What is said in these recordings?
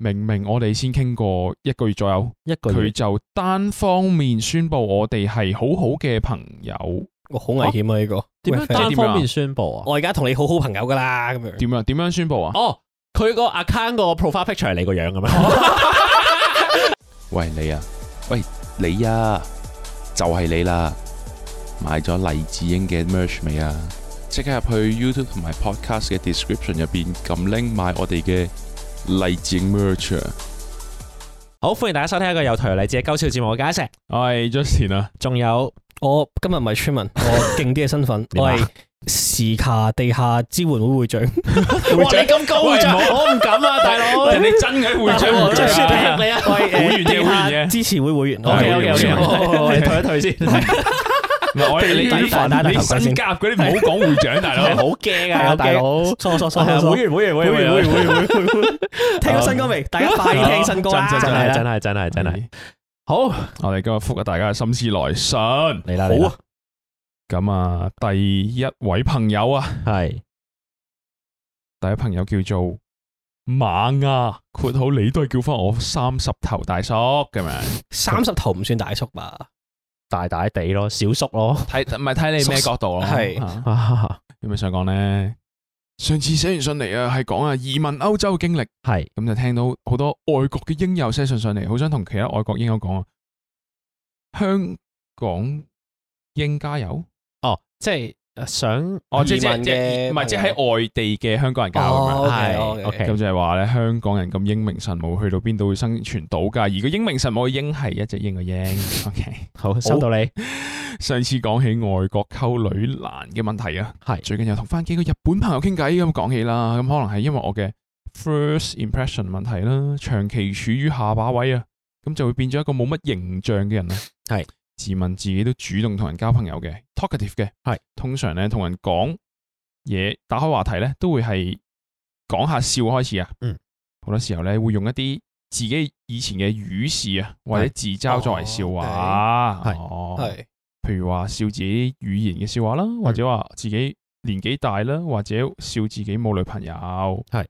明明我哋先傾過一個月左右，一個月佢就單方面宣布我哋係好好嘅朋友，好危險啊呢、啊呢個！點喂樣單方面宣布啊？啊我而家同你好好朋友噶啦，咁樣點樣點樣宣布啊？哦、oh，佢個 account 個 profile picture 係你個樣噶咩？喂你啊，喂你啊，就係、是、你啦！買咗黎智英嘅 merch 未啊？即刻入去 YouTube 同埋 podcast 嘅 description 入邊撳 link 買我哋嘅。勵志 Merch，好歡迎大家收聽一個有台有勵嘅高潮節目，我係阿石，我係 Justin 啊，仲有我今日唔係村民，我勁啲嘅身份，我係時下地下支援會會長，哇你咁高會長，冇，我唔敢啊大佬，你真係會長，我最衰你啊，會員嘅會員嘅支持會會員，我退一退先。我哋你你新甲嗰啲唔好講會長大佬，好驚啊！大佬，錯錯聽新歌未？大家快聽新歌真係真係真係真係，好，我哋今日復啊！大家嘅心思來信嚟啦，好啊。咁啊，第一位朋友啊，係第一朋友叫做馬亞括號，你都係叫翻我三十頭大叔咁樣，三十頭唔算大叔吧？大大地咯，小叔咯，睇唔係睇你咩角度咯，係有咩想講咧？上次寫完信嚟啊，係講啊移民歐洲經歷，係咁是就聽到好多外國嘅鷹友寫信上嚟，好想同其他外國鷹友講啊，香港應加油哦，即係。想移民嘅，唔係即係喺外地嘅香港人教咁樣，係，咁就係話咧，香港人咁英明神武，去到邊度會生存到噶？而個英明神武嘅英係一隻鷹個鷹。OK，好，收到你。上次講起外國溝女難嘅問題啊，係最近又同翻幾個日本朋友傾偈咁講起啦，咁可能係因為我嘅 first impression 問題啦，長期處於下巴位啊，咁就會變咗一個冇乜形象嘅人啦，係。自問自己都主動同人交朋友嘅，talkative 嘅，係是通常咧同人講嘢，打開話題咧都會係講下笑開始啊。嗯，好多時候咧會用一啲自己以前嘅語事啊，或者自嘲作為笑話，係，係、哦，譬如話笑自己語言嘅笑話啦，是或者話自己年紀大啦，或者笑自己冇女朋友，係是。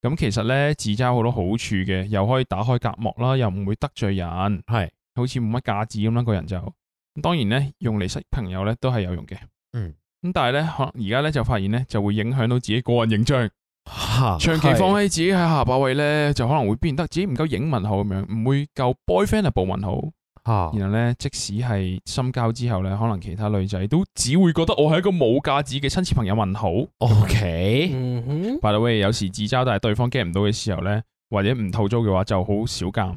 咁其實咧自嘲好多好處嘅，又可以打開隔膜啦，又唔會得罪人，係。.好似冇乜架子咁啦，個人就咁當然咧，用嚟識朋友咧都係有用嘅。嗯，咁但係咧，可能而家咧就發現咧，就會影響到自己個人形象。啊、長期放棄自己喺下巴位咧，就可能會變得自己唔夠影文好咁樣，唔會夠 boyfriend 部文好。吓、啊，然後咧，即使係深交之後咧，可能其他女仔都只會覺得我係一個冇價值嘅親戚朋友問好。O Okay ? K，by、嗯、哼 the way，有時自嘲，但係對方 get 唔到嘅時候咧，或者唔套租嘅話就好少鑒。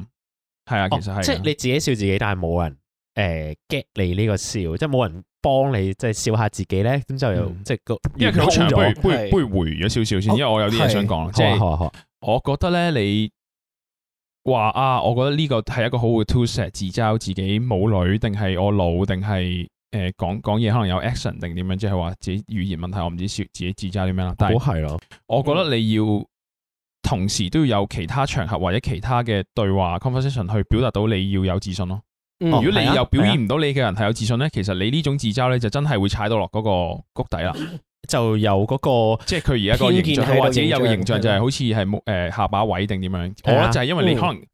係啊，其實係即係你自己笑自己，但係冇人誒 get 你呢個笑，即係冇人幫你即係笑下自己咧，咁就又即係因為佢好咗，不如回咗少少先，因為我有啲嘢想講，即係我覺得咧你話啊，我覺得呢個係一個好嘅 tool 嚟自嘲自己冇女，定係我老，定係誒講講嘢可能有 accent 定點樣，即係話自己語言問題，我唔知自己自嘲點樣啦，但係係咯，我覺得你要。同時都要有其他場合或者其他嘅對話 conversation 去表達到你要有自信咯。嗯哦、如果你又表現唔到你嘅人係有自信咧，嗯嗯、其實你呢種自嘲咧就真係會踩到落嗰個谷底啦。就有嗰個在那即係佢而家個形象，或者有個形象就係好似係誒下巴位定點樣？嗯、我覺得就係因為你可能、嗯、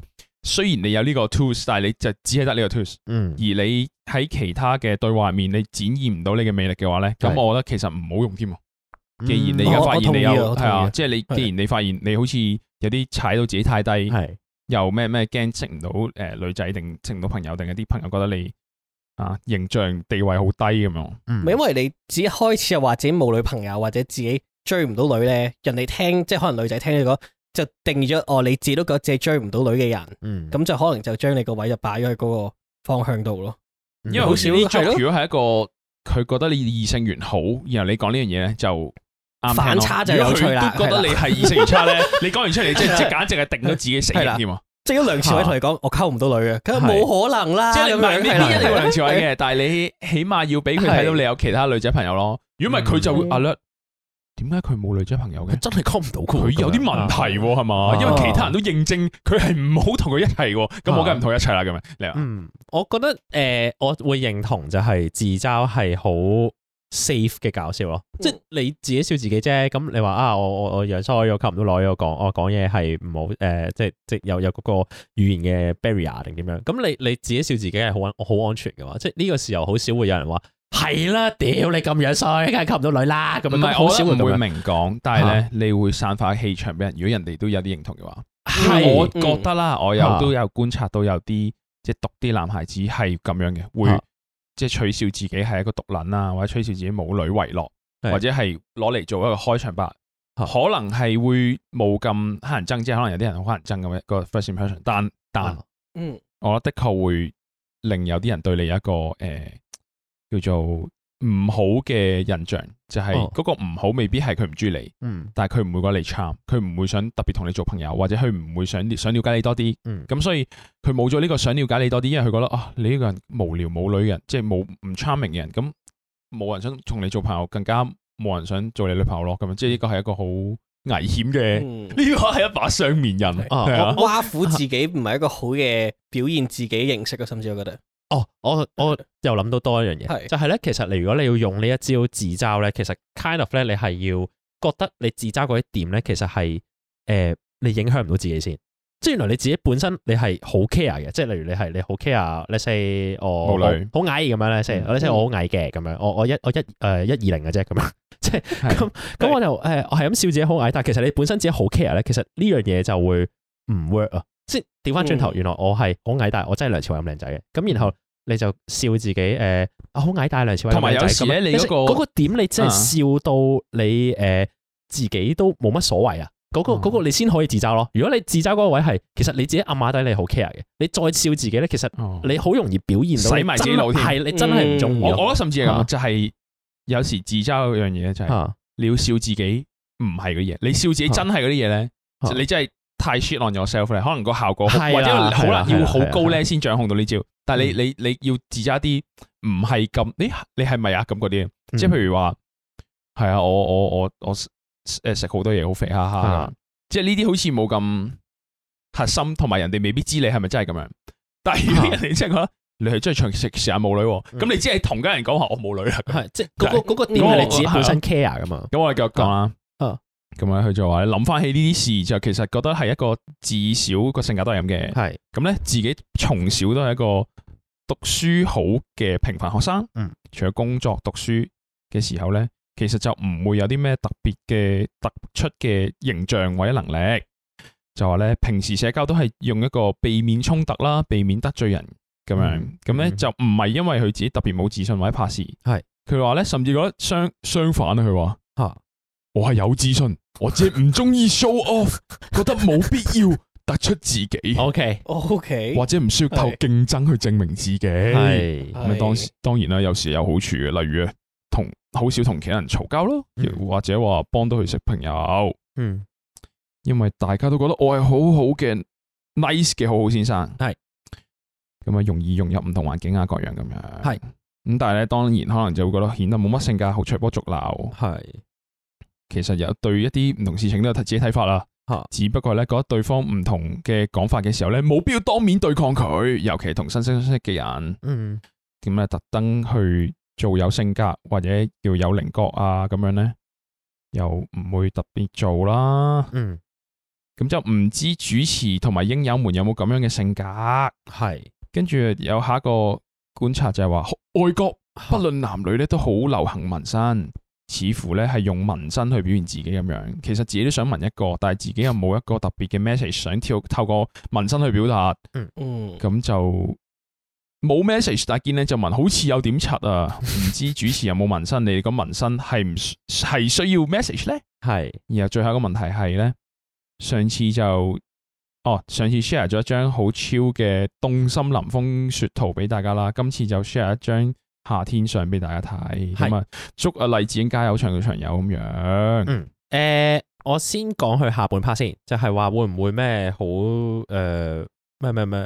雖然你有呢個 tools，但係你就只係得呢個 tools。嗯。而你喺其他嘅對話面，你展現唔到你嘅魅力嘅話咧，咁、嗯、我覺得其實唔好用添啊。既然你而家發現你有係、嗯、啊，即係你既然你發現你好似有啲踩到自己太低，係是又咩咩驚識唔到誒女仔，定識唔到朋友，定係啲朋友覺得你啊形象地位好低咁樣，嗯、因為你自己開始又話自己冇女朋友，或者自己追唔到女咧，人哋聽即係可能女仔聽你講就定咗哦，你自己都覺得自己追唔到女嘅人，咁、嗯、就可能就將你個位就擺咗喺嗰個方向度咯。嗯、因為好少，好如果係一個佢覺得你異性緣好，然後你講呢樣嘢咧就。反差就有趣啦，覺得你係二世唔差咧，你講完出嚟，即即簡直係定咗自己死啦添，即係梁朝偉同你講，我溝唔到女嘅，佢話冇可能啦，即係你唔係呢個梁朝偉嘅，但係你起碼要俾佢睇到你有其他女仔朋友咯，如果唔係佢就會 alert，點解佢冇女仔朋友嘅？真係溝唔到佢有啲問題係嘛？因為其他人都認證佢係唔好同佢一齊，咁我梗係唔同一齊啦，咁樣你話。嗯，我覺得誒，我會認同就係自嘲係好 safe 嘅搞笑咯，即係你自己笑自己啫。咁你話啊，我我我樣衰，我，我又吸唔到女，我講我講嘢係唔好誒，即係即係有有嗰個語言嘅 barrier 定點樣。咁你你自己笑自己係好安，好安全嘅話，即係呢個時候好少會有人話係、嗯、啦。屌你咁樣衰，梗係吸唔到女啦。咁唔係我唔會明講，但係咧、啊、你會散發氣場俾人。如果人哋都有啲認同嘅話，係我覺得啦，嗯、我有都有觀察到有啲、啊、即係讀啲男孩子係咁樣嘅，會。啊即係取笑自己係一個獨撚啊，或者取笑自己冇女為樂，的或者係攞嚟做一個開場白，的可能係會冇咁乞人憎，即係可能有啲人好乞人憎咁樣、嗰個 first impression 但。但但嗯，我覺得的確會令有啲人對你有一個誒、呃、叫做。唔好嘅印象就係、是、嗰個唔好，未必係佢唔中意你，哦嗯、但係佢唔會覺得你 charm，佢唔會想特別同你做朋友，或者佢唔會想想了解你多啲。咁、嗯、所以佢冇咗呢個想了解你多啲，因為佢覺得啊，你呢個人無聊冇女人，即係冇唔 charming 嘅人，咁冇人想同你做朋友，更加冇人想做你女朋友咯。咁啊，即係呢個係一個好危險嘅，呢個係一把雙面刃啊！挖苦自己唔係一個好嘅表現自己形式咯，啊啊、甚至我覺得。哦，我我又諗到多一樣嘢，是就係咧，其實你如果你要用呢一招自嘲咧，其實 kind of 咧，你係要覺得你自嘲嗰啲點咧，其實係誒、呃，你影響唔到自己先。即係原來你自己本身你係好 care 嘅，即係例如你係你好 care，let’s say 我好矮咁樣咧，say，我女我好矮嘅咁樣，我我一我一誒一二零嘅啫咁樣，即係咁咁我就誒係咁笑自己好矮，但係其實你本身自己好 care 咧，其實呢樣嘢就會唔 work 啊。即係調翻轉頭，原來我係好矮大，我真係梁朝偉咁靚仔嘅。咁然後你就笑自己誒，好、呃、矮大梁朝偉咁靚仔，同埋有時咧，樣你嗰、那個、個點你真係笑到你誒、啊、自己都冇乜所謂啊。嗰、那個嗰、那個你先可以自嘲咯。如果你自嘲嗰個位係，其實你自己暗馬底你好 care 嘅。你再笑自己咧，其實你好容易表現到洗埋自己個腦。係你真係唔中意。嗯、我覺得甚至係咁，就係有時自嘲嗰樣嘢就係你要笑自己唔係嘅嘢。你笑自己真係嗰啲嘢咧，啊、就你真係。S 太 shit on yourself 嚟，可能個效果是啦 或者好難要好高咧先掌控到呢招。是啦是啦，但係你你你要自揸啲唔係咁，你你係咪啊咁嗰啲？即係譬如話，係、嗯、啊，我我我我誒食好多嘢好肥，哈哈。是啊、即係呢啲好似冇咁核心，同埋人哋未必知你係咪真係咁樣。但係如果人哋是、啊、真係講，你係真係長期食食下冇女，咁你只係同家人講話我冇女啦、啊。即係嗰、那個嗰、就是、個點係你自己本身 care 噶嘛、哦。咁、哦啊、我繼續講啦。啊啊咁樣佢就話諗諗翻起呢啲事就，其實覺得係一個至少個性格都係咁嘅。係咁咧，自己從小都係一個讀書好嘅平凡學生。嗯，除咗工作讀書嘅時候咧，其實就唔會有啲咩特別嘅突出嘅形象或者能力。就話咧，平時社交都係用一個避免衝突啦，避免得罪人咁樣。咁咧、嗯嗯、就唔係因為佢自己特別冇自信或者怕事。係佢話咧，甚至覺得相相反啊。佢話吓。我係有自信，我只係唔中意 show off，覺得冇必要突出自己。OK OK，或者唔需要靠競爭去證明自己。係咁啊，當當然啦，有時有好處嘅，例如同好少同其他人嘈交咯，或者話幫到佢識朋友。嗯，因為大家都覺得我係好好嘅 nice 嘅好好先生，係咁啊，容易融入唔同環境啊，各樣咁樣。係咁，但係咧，當然可能就會覺得顯得冇乜性格，好隨波逐流。係。其實有對一啲唔同事情都有睇自己睇法啦，吓、啊，只不過咧，覺得對方唔同嘅講法嘅時候咧，冇必要當面對抗佢，尤其同新生嘅人，嗯，點咧特登去做有性格或者叫有棱角啊咁樣咧，又唔會特別做啦，嗯，咁就唔知主持同埋鷹友們有冇咁樣嘅性格，係是，跟住有下一個觀察就係話是外國不論男女咧都好流行紋身。似乎咧係用紋身去表現自己咁樣，其實自己都想紋一個，但係自己又冇一個特別嘅 message 想跳透過紋身去表達。嗯，咁、嗯、就冇 message，大係見咧就紋，好似有點柒啊！唔 知主持有冇紋身？你哋個紋身係唔係需要 message 咧？係是。然後最後一個問題係咧，上次就哦，上次 share 咗一張好超嘅東心林風雪圖俾大家啦，今次就 share 一張。夏天上俾大家睇，咁啊，祝阿麗子英加油，長久長友咁樣。嗯，誒，我先講佢下半 part 先，就係話會唔會咩好誒咩咩咩，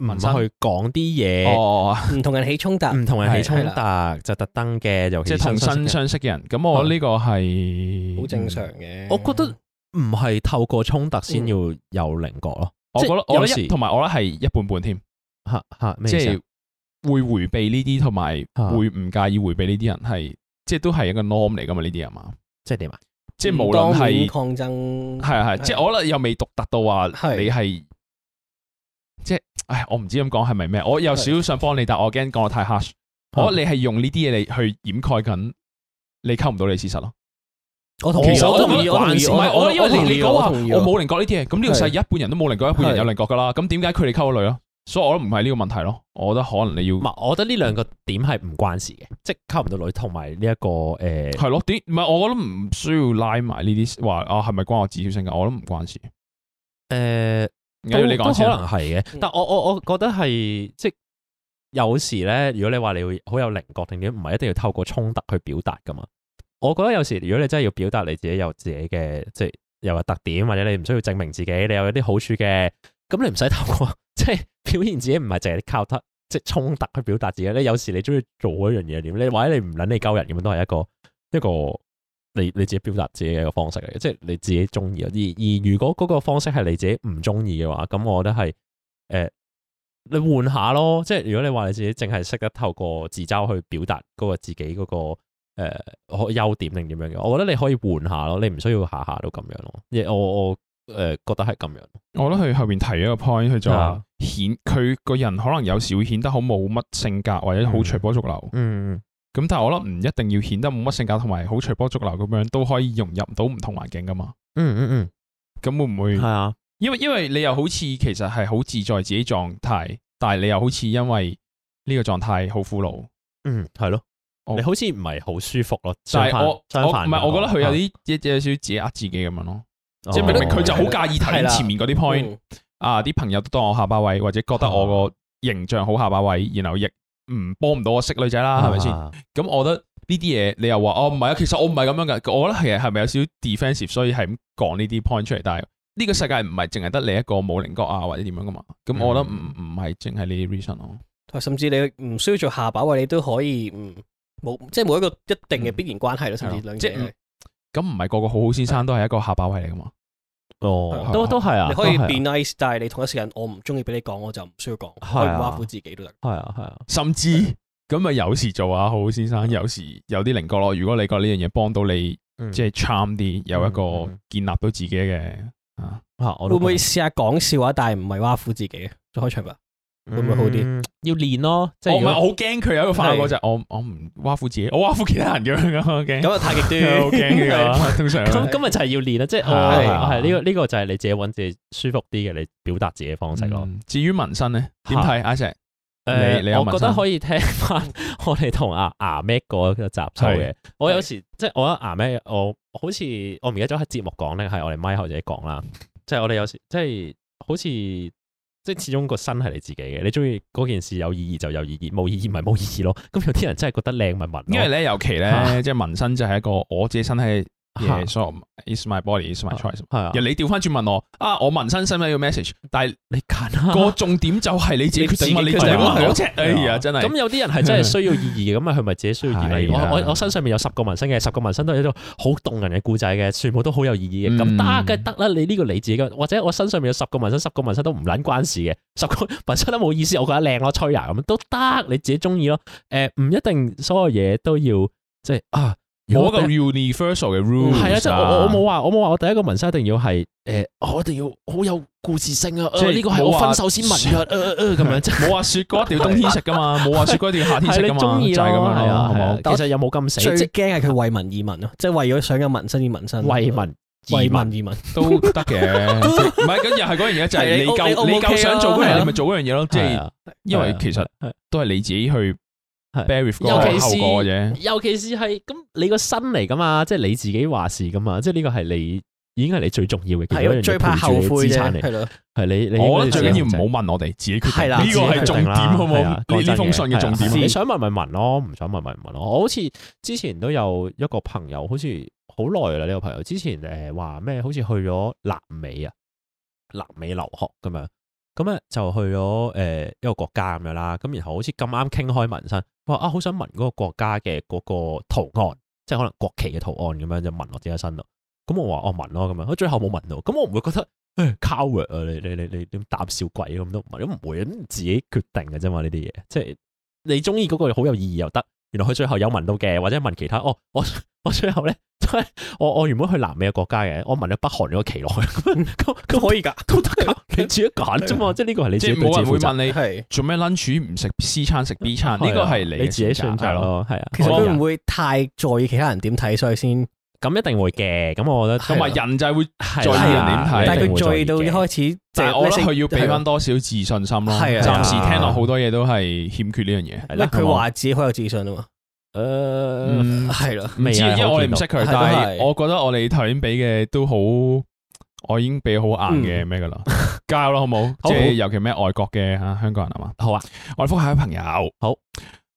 去講啲嘢，唔同人起衝突，唔同人起衝突，就特登嘅尤其係同新相識嘅人。咁我呢個係好正常嘅。我覺得唔係透過衝突先要有靈覺咯。我覺得我同埋我咧係一半半添，嚇嚇，即會回避呢啲，同埋會唔介意回避呢啲人，係即係都係一個 norm 嚟噶嘛？呢啲人嘛？即係點啊？即係無論係抗爭，係係，即係我覺得又未獨特到話你係，即係，唉，我唔知咁講係咪咩？我有少少想幫你，但我驚講得太 hush。我覺得你係用呢啲嘢嚟去掩蓋緊，你溝唔到你事實咯。我其實我都唔係，我因為你講話我冇靈覺呢啲嘢，咁呢個世一半人都冇靈覺，一半人有靈覺噶啦。咁點解佢哋溝女啊？所以我都唔係呢個問題咯，我覺得可能你要，唔係，我覺得呢兩個點係唔關事嘅，即係溝唔到女、這個，同埋呢一個誒，係咯，點唔係？我覺得唔需要拉埋呢啲話啊，係咪關我自小性格？我都唔關事。誒、呃，都可能係嘅行，但我我我覺得係即係有時咧，如果你話你會好有棱角，定點唔係一定要透過衝突去表達噶嘛。我覺得有時如果你真係要表達你自己有自己嘅，即係又話特點，或者你唔需要證明自己，你有一啲好處嘅。咁你唔使透過，即係表現自己不只是，唔係淨係靠得即係衝突去表達自己咧。有時你中意做一樣嘢點，你或者你唔捻你勾人咁樣，都係一個一個你你自己表達自己嘅一個方式嚟嘅，即係你自己中意。而而如果嗰個方式係你自己唔中意嘅話，咁我覺得係誒、呃，你換下咯。即係如果你話你自己淨係識得透過自嘲去表達嗰個自己嗰、那個誒，我、呃、優點定點樣嘅，我覺得你可以換下咯。你唔需要下下都咁樣咯。我我。誒、呃，覺得係咁樣。我覺得佢後邊提咗一個 point，佢就話顯佢個人可能有時會顯得好冇乜性格，或者好隨波逐流，嗯。嗯，咁但係我諗唔一定要顯得冇乜性格，同埋好隨波逐流咁樣都可以融入到唔同環境噶嘛。嗯嗯嗯，咁、嗯嗯、會唔會係啊？因為因為你又好似其實係好自在自己狀態，但係你又好似因為呢個狀態好苦惱。嗯，係咯，我你好似唔係好舒服咯。就係我唔係反，我覺得佢有啲是有少少自，自己呃自己咁樣咯。即係明明？佢就好介意睇前面嗰啲 point、嗯、啊！啲朋友都當我下巴位，或者覺得我個形象好下巴位，然後亦唔幫唔到我識女仔啦，係咪先？咁吧、啊、我覺得呢啲嘢，你又話哦唔係啊，其實我唔係咁樣噶。我覺得係係咪有少少 defensive，所以係咁講呢啲 point 出嚟。但係呢個世界唔係淨係得你一個冇稜角啊，或者點樣噶嘛？咁我覺得唔唔係淨係你 reason 咯。嗯、re 甚至你唔需要做下巴位，你都可以嗯冇，即係冇一個一定嘅必然關係咯。甚至兩即咁唔係個個好好先生都係一個下巴位嚟噶嘛？哦，都都係啊！你可以變 nice，但係你同一時間我唔中意俾你講，我就唔需要講，我唔挖苦自己都得。係啊，係啊，甚至咁咪有時做下好好先生，有時有啲稜角咯。如果你覺得呢樣嘢幫到你，即係 charm 啲，有一個建立到自己嘅啊，吓，會唔會試下講笑話，但係唔係挖苦自己？再開場吧。會唔會好啲？要練咯，即係我唔係好驚佢有一個反效果，就係我我唔挖苦自己，我挖苦其他人咁樣噶，咁啊太極端，好通常。咁今日就係要練啦，即係我係呢個呢個就係你自己搵自己舒服啲嘅，你表達自己嘅方式咯。至於紋身咧，點睇？阿石，誒，我覺得可以聽翻我哋同阿阿咩個集數嘅。我有時即係我覺得阿咩，我好似我唔記得咗喺節目講咧，係我哋咪後者講啦，即係我哋有時即係好似。即始終個身是你自己嘅，你中意嗰件事有意義就有意義，冇意義咪冇意義咯。咁有啲人真係覺得靚咪紋，因為呢尤其呢， 即係紋身就係一個我自己身體。係，so it's is my body is my choice。係，若你調翻轉問我啊，我紋身使唔使要 message？但係你揀啦。個重點就係你自己決定。你只碼好赤，哎呀，真係。咁有啲人係真係需要意義，咁啊佢咪自己需要意義。我我我身上面有十個紋身嘅，十個紋身都係一種好動人嘅故仔嘅，全部都好有意義嘅。咁得嘅得啦，你呢個你自己嘅，或者我身上面有十個紋身，十個紋身都唔撚關事嘅，十個紋身都冇意思，我覺得靚咯，吹牙咁都得，你自己中意咯。誒，唔一定所有嘢都要即係啊。我個 universal 嘅 rule 係啊，即係我冇話，我冇話，我第一個紋身一定要係誒，我一定要好有故事性啊！誒，呢個係我分手先紋啊！誒誒誒，咁樣即係冇話雪糕一定要冬天食噶嘛，冇話雪糕一定要夏天食噶嘛，係咁中意啊，係啊？其實有冇咁死，最驚係佢為民而民啊，即係為咗想有紋身而紋身，為民而民而民都得嘅。唔係，咁又係嗰樣嘢就係你夠，你夠想做嗰樣，你咪做嗰樣嘢咯。即係，因為其實都係你自己去。係，尤其是尤其是係咁，你個身嚟噶嘛，即係你自己話事噶嘛，即係呢個係你已經係你最重要嘅，係最怕後悔啫，係咯的，係你你，你我諗最緊要唔好者問我哋自己決定，呢個係重點，好冇？你呢封信嘅重點，對對對對，你想問咪問咯，唔想問咪唔問咯。我好似之前都有一個朋友，好似好耐啦呢個朋友，之前誒話咩，好似去咗南美啊，南美留學咁樣，咁咧就去咗誒、呃、一個國家咁樣啦，咁然後好似咁啱傾開紋身。話啊，好想紋嗰個國家嘅嗰個圖案，即係可能國旗嘅圖案咁樣就紋落自己身度。咁、嗯、我話我紋咯咁樣，佢最後冇紋到，咁、嗯、我唔會覺得誒，coward 啊，你你你你點膽小鬼咁都唔係，都唔會，咁自己決定嘅啫嘛呢啲嘢，即係你中意嗰個好有意義又得，原來佢最後有紋到嘅，或者紋其他哦，我。我最後咧，我我原本去南美嘅國家嘅，我問咗北韓嗰個奇諾，咁咁可以噶，都得噶，你自己揀啫嘛，即係呢個係你自己選擇。我唔會問你係做咩 lunch 唔食 C 餐，食 B 餐，呢個係你自己選擇咯，係啊。其實我唔會太在意其他人點睇，所以先咁一定會嘅。咁我覺得同埋人就係會在意人點睇，但係佢在意到一開始，即係我覺得佢要俾翻多少自信心咯。係暫時聽落好多嘢都係欠缺呢樣嘢。佢話自己好有自信啊嘛。誒，係咯，唔知，因為我哋唔識佢，但係我覺得我哋頭先俾嘅都好，我已經俾好硬嘅咩噶啦，加油啦，好冇？即係尤其咩外國嘅吓，香港人係嘛？好啊，我嚟覆下位朋友。好，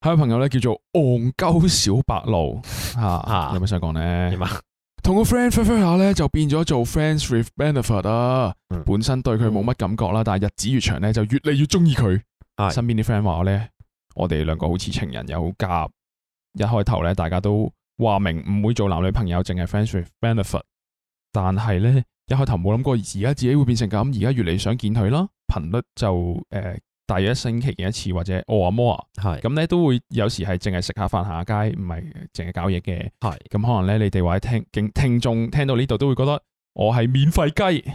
下位朋友咧叫做戇鳩小白兔，吓吓，有咩想講咧？點啊？同個 friend friend 下咧，就變咗做 friends with benefit 啊！本身對佢冇乜感覺啦，但係日子越長咧，就越嚟越中意佢。係，身邊啲 friend 話我咧，我哋兩個好似情人又好夾。一開頭咧，大家都話明唔會做男女朋友，淨係 friends with benefit。但係咧，一開頭冇諗過，而家自己會變成咁。而家越嚟越想見佢啦，頻率就誒、呃，大約一星期見一次或者 o 阿摩啊，係咁咧都會有時係淨係食下飯行下街，唔係淨係搞嘢嘅。係咁是、嗯、可能咧，你哋或者聽聽聽眾聽到呢度都會覺得我係免費雞，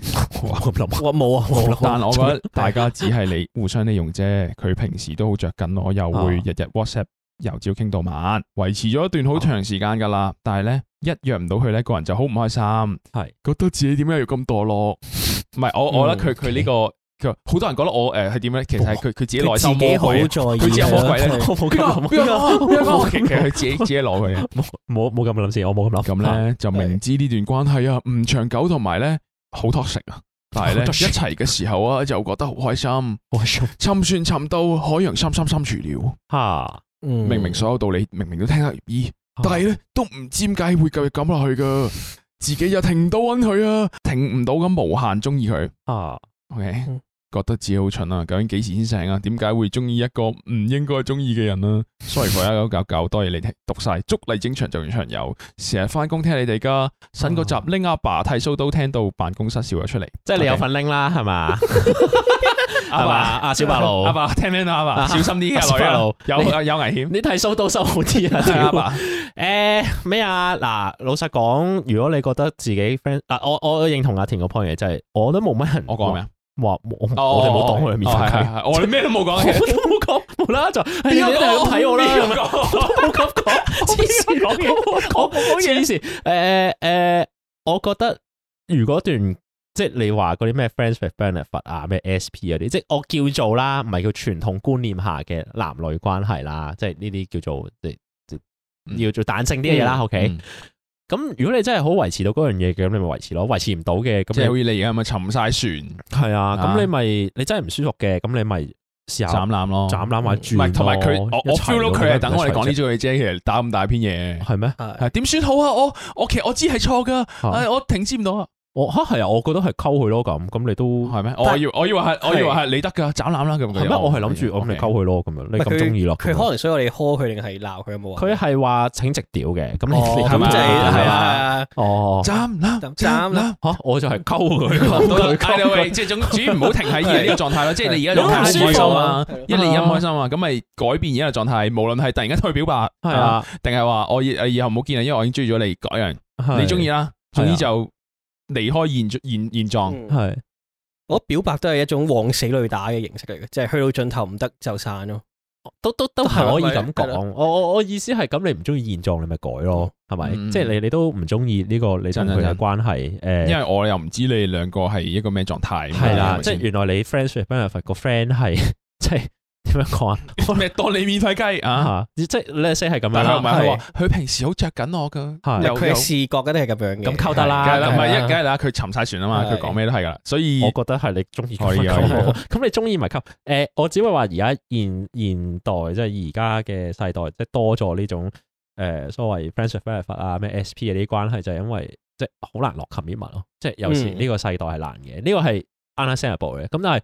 我冇 啊，啊啊但我覺得大家只係你互相利用啫。佢 平時都好着緊，我又會日日 WhatsApp。由朝傾到晚，維持咗一段好長時間噶啦。但係咧，一約唔到佢咧，個人就好唔開心，係覺得自己點解要咁墮落？唔係我，我覺得佢佢呢個，佢好多人覺得我誒係點樣？其實係佢佢自己內心好在意佢自己冇鬼咧，我冇邊個邊個其實自己自己攞嘅嘢，冇冇冇咁諗先，我冇咁諗。咁咧就明知呢段關係啊唔長久，同埋咧好 toxic 啊，但係咧一齊嘅時候啊就覺得好開心，心沉船沉到海洋深深深處了，吓。嗯、明明所有道理明明都聽得入耳，但係咧、啊、都唔知點解會繼續咁落去噶，自己又停唔到搵佢啊，停唔到咁無限中意佢啊。OK、嗯、覺得自己好蠢啊，究竟幾時先醒啊？點解會中意一個唔應該中意嘅人啊 Sorry 我而家九九多謝，你聽讀晒，祝你精長就完長友，成日翻工聽你哋嘅新嗰集拎阿爸剃鬚刀，聽到辦公室笑咗出嚟，即係、啊、Okay 你有份拎啦，係嘛？ 阿爸阿小白路，阿爸聽唔聽阿爸？小心啲嘅，小白路有有危險。你睇 show 都收好啲啊，阿爸。誒咩啊嗱？老實講，如果你覺得自己 friend 嗱，我我認同阿田個 point 嘢，就係我都冇乜人。我講咩啊？話我哋冇擋佢面，係我哋咩都冇講嘢，我都冇講，冇啦就係你嚟睇我啦，我都冇咁講，黐線我都冇講冇嘢，黐線誒誒，我覺得如果段。即係你話嗰啲咩 friends with benefit 啊，咩 SP 啊啲，即係我叫做啦，唔係叫傳統觀念下嘅男女關係啦，即係呢啲叫做，即要做彈性啲嘢啦。OK，咁如果你真係好維持到嗰樣嘢嘅，咁你咪維持咯，維持唔到嘅，咁即係好似你而家咪沉晒船。係啊，咁你咪你真係唔舒服嘅，咁你咪試下斬纜咯，斬纜埋轉，唔係同埋佢，我 feel 到佢等我哋講呢啲嘢，其實打咁大篇嘢，係咩？係點算好啊？我我其實我知係錯噶，我停止唔到啊。我吓，係啊，我覺得係溝佢咯。咁，咁你都係咩？我係要，我以為係，我以為係你得噶，斬纜啦咁樣。係咩？我係諗住我畀你溝佢咯，咁樣你咁中意咯？佢可能需要我哋呵佢，定係鬧佢有冇啊？佢係話請直屌嘅，咁你咁啊？係啊，哦，斬啦，斬啦，吓，我就係溝佢，溝佢，即係總之唔好停喺呢個狀態咯。即係你而家都唔開心啊，一嚟唔開心啊，咁咪改變而家嘅狀態。無論係突然間同佢表白，係啊，定係話我以以後唔好見啊，因為我已經追咗你，嗰樣你中意啦，總之就。離開現狀現現狀係、嗯，我表白都係一種往死裏打嘅形式嚟嘅，即係去到盡頭唔得就散咯。都都都係可以咁講。我我我意思係咁、嗯，你唔中意現狀，你咪改咯，係咪？即係你你都唔中意呢個你同佢嘅關係。誒，因為我又唔知道你哋兩個係一個咩狀態。係、嗯、啦，的即係原來你 friendship，but 個 friend 係即係。 點樣講啊？咩？當你免費雞啊？即係 Leslie 係咁樣，係咪？佢平時好着緊我噶，由佢嘅視覺嗰啲係咁樣嘅，咁溝得啦。唔係一，梗係啦。佢沉晒船啊嘛，佢講咩都係噶。所以我覺得係你中意可以咁，你中意咪溝？誒，我只會話而家現現代即係而家嘅世代，即係多咗呢種誒，所謂 friendship friendship 啊，咩 SP 啲關係，就係因為即係好難落琴一物咯。即係有時呢個世代係難嘅，呢個係 unacceptable 嘅。咁但係，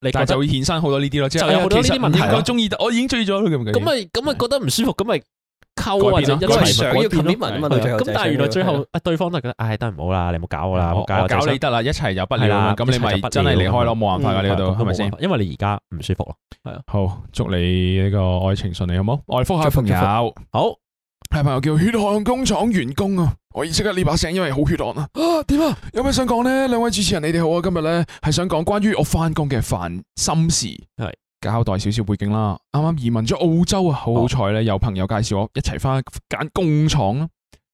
但係就會衍生好多呢啲咯，就有好多呢啲問題。我中意，我已經追咗佢，唔緊要。咁咪咁咪覺得唔舒服，咁咪溝通一齊，要冚啲文啊嘛。咁但係原來最後，對方都係覺得，唉，都係唔好啦，你唔好搞我啦，搞你得啦，一齊就不了啦。咁你咪真係離開咯，冇辦法噶呢度，係咪先？因為你而家唔舒服咯。係啊，好，祝你呢個愛情順利，好冇？愛福下朋友，好。係朋友叫血汗工廠員工啊！我而家呢把聲因為好血汗啊！啊點啊？有咩想講呢？兩位主持人，你哋好啊！今日咧係想講關於我返工嘅煩心事，係是交代少少背景啦。啱啱、嗯、移民咗澳洲啊，好好彩咧，哦、有朋友介紹我一齊返間工廠啊。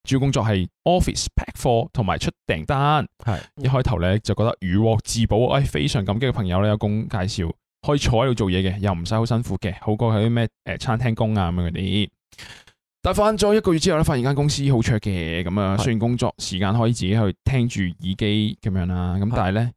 主要工作係 office pack 貨同埋出訂單。係是一開頭咧就覺得如獲至寶，哎，非常感激嘅朋友咧，有工介紹可以坐喺度做嘢嘅，又唔使好辛苦嘅，好過去啲咩誒餐廳工啊咁樣嗰啲。但係翻咗一個月之後咧，發現間公司好 chok 嘅，咁啊，雖然工作時間可以自己去聽住耳機咁樣啦，咁但係咧，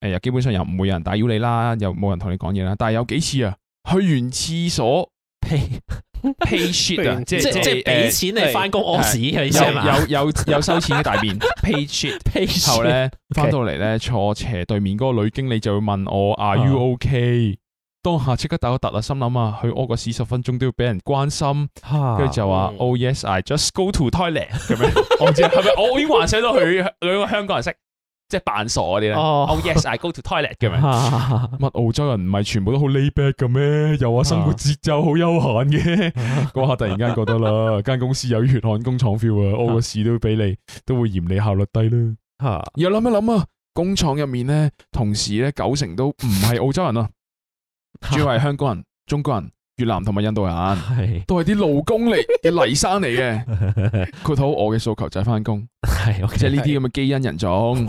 誒又基本上又唔會有人打擾你啦，又冇人同你講嘢啦。但係有幾次啊，去完廁所 pay pay shit 啊，即係即係俾錢你翻工屙屎有有有收錢嘅大便 pay shit pay shit。後咧翻到嚟咧坐斜對面嗰個女經理就會問我 Are you okay？當下即刻打個突啊！心諗啊，去屙個屎十分鐘都要俾人關心，跟住就話：Oh yes, I just go to toilet 咁樣。我唔知係咪？我已經幻想到佢兩個香港人識，即係扮傻嗰啲咧。Oh yes, I go to toilet 咁樣。乜澳洲人唔係全部都好 lazy 嘅咩？又話生活節奏好悠閒嘅。嗰下突然間覺得啦，間公司有血汗工廠 feel 啊！屙個屎都俾你，都會嫌你效率低啦。吓！而家諗一諗啊，工廠入面咧，同事咧九成都唔係澳洲人啊。主要係香港人、中國人、越南同埋印度人，都係啲勞工嚟嘅泥生嚟嘅。佢討我嘅訴求就係返工，即係呢啲咁嘅基因人種。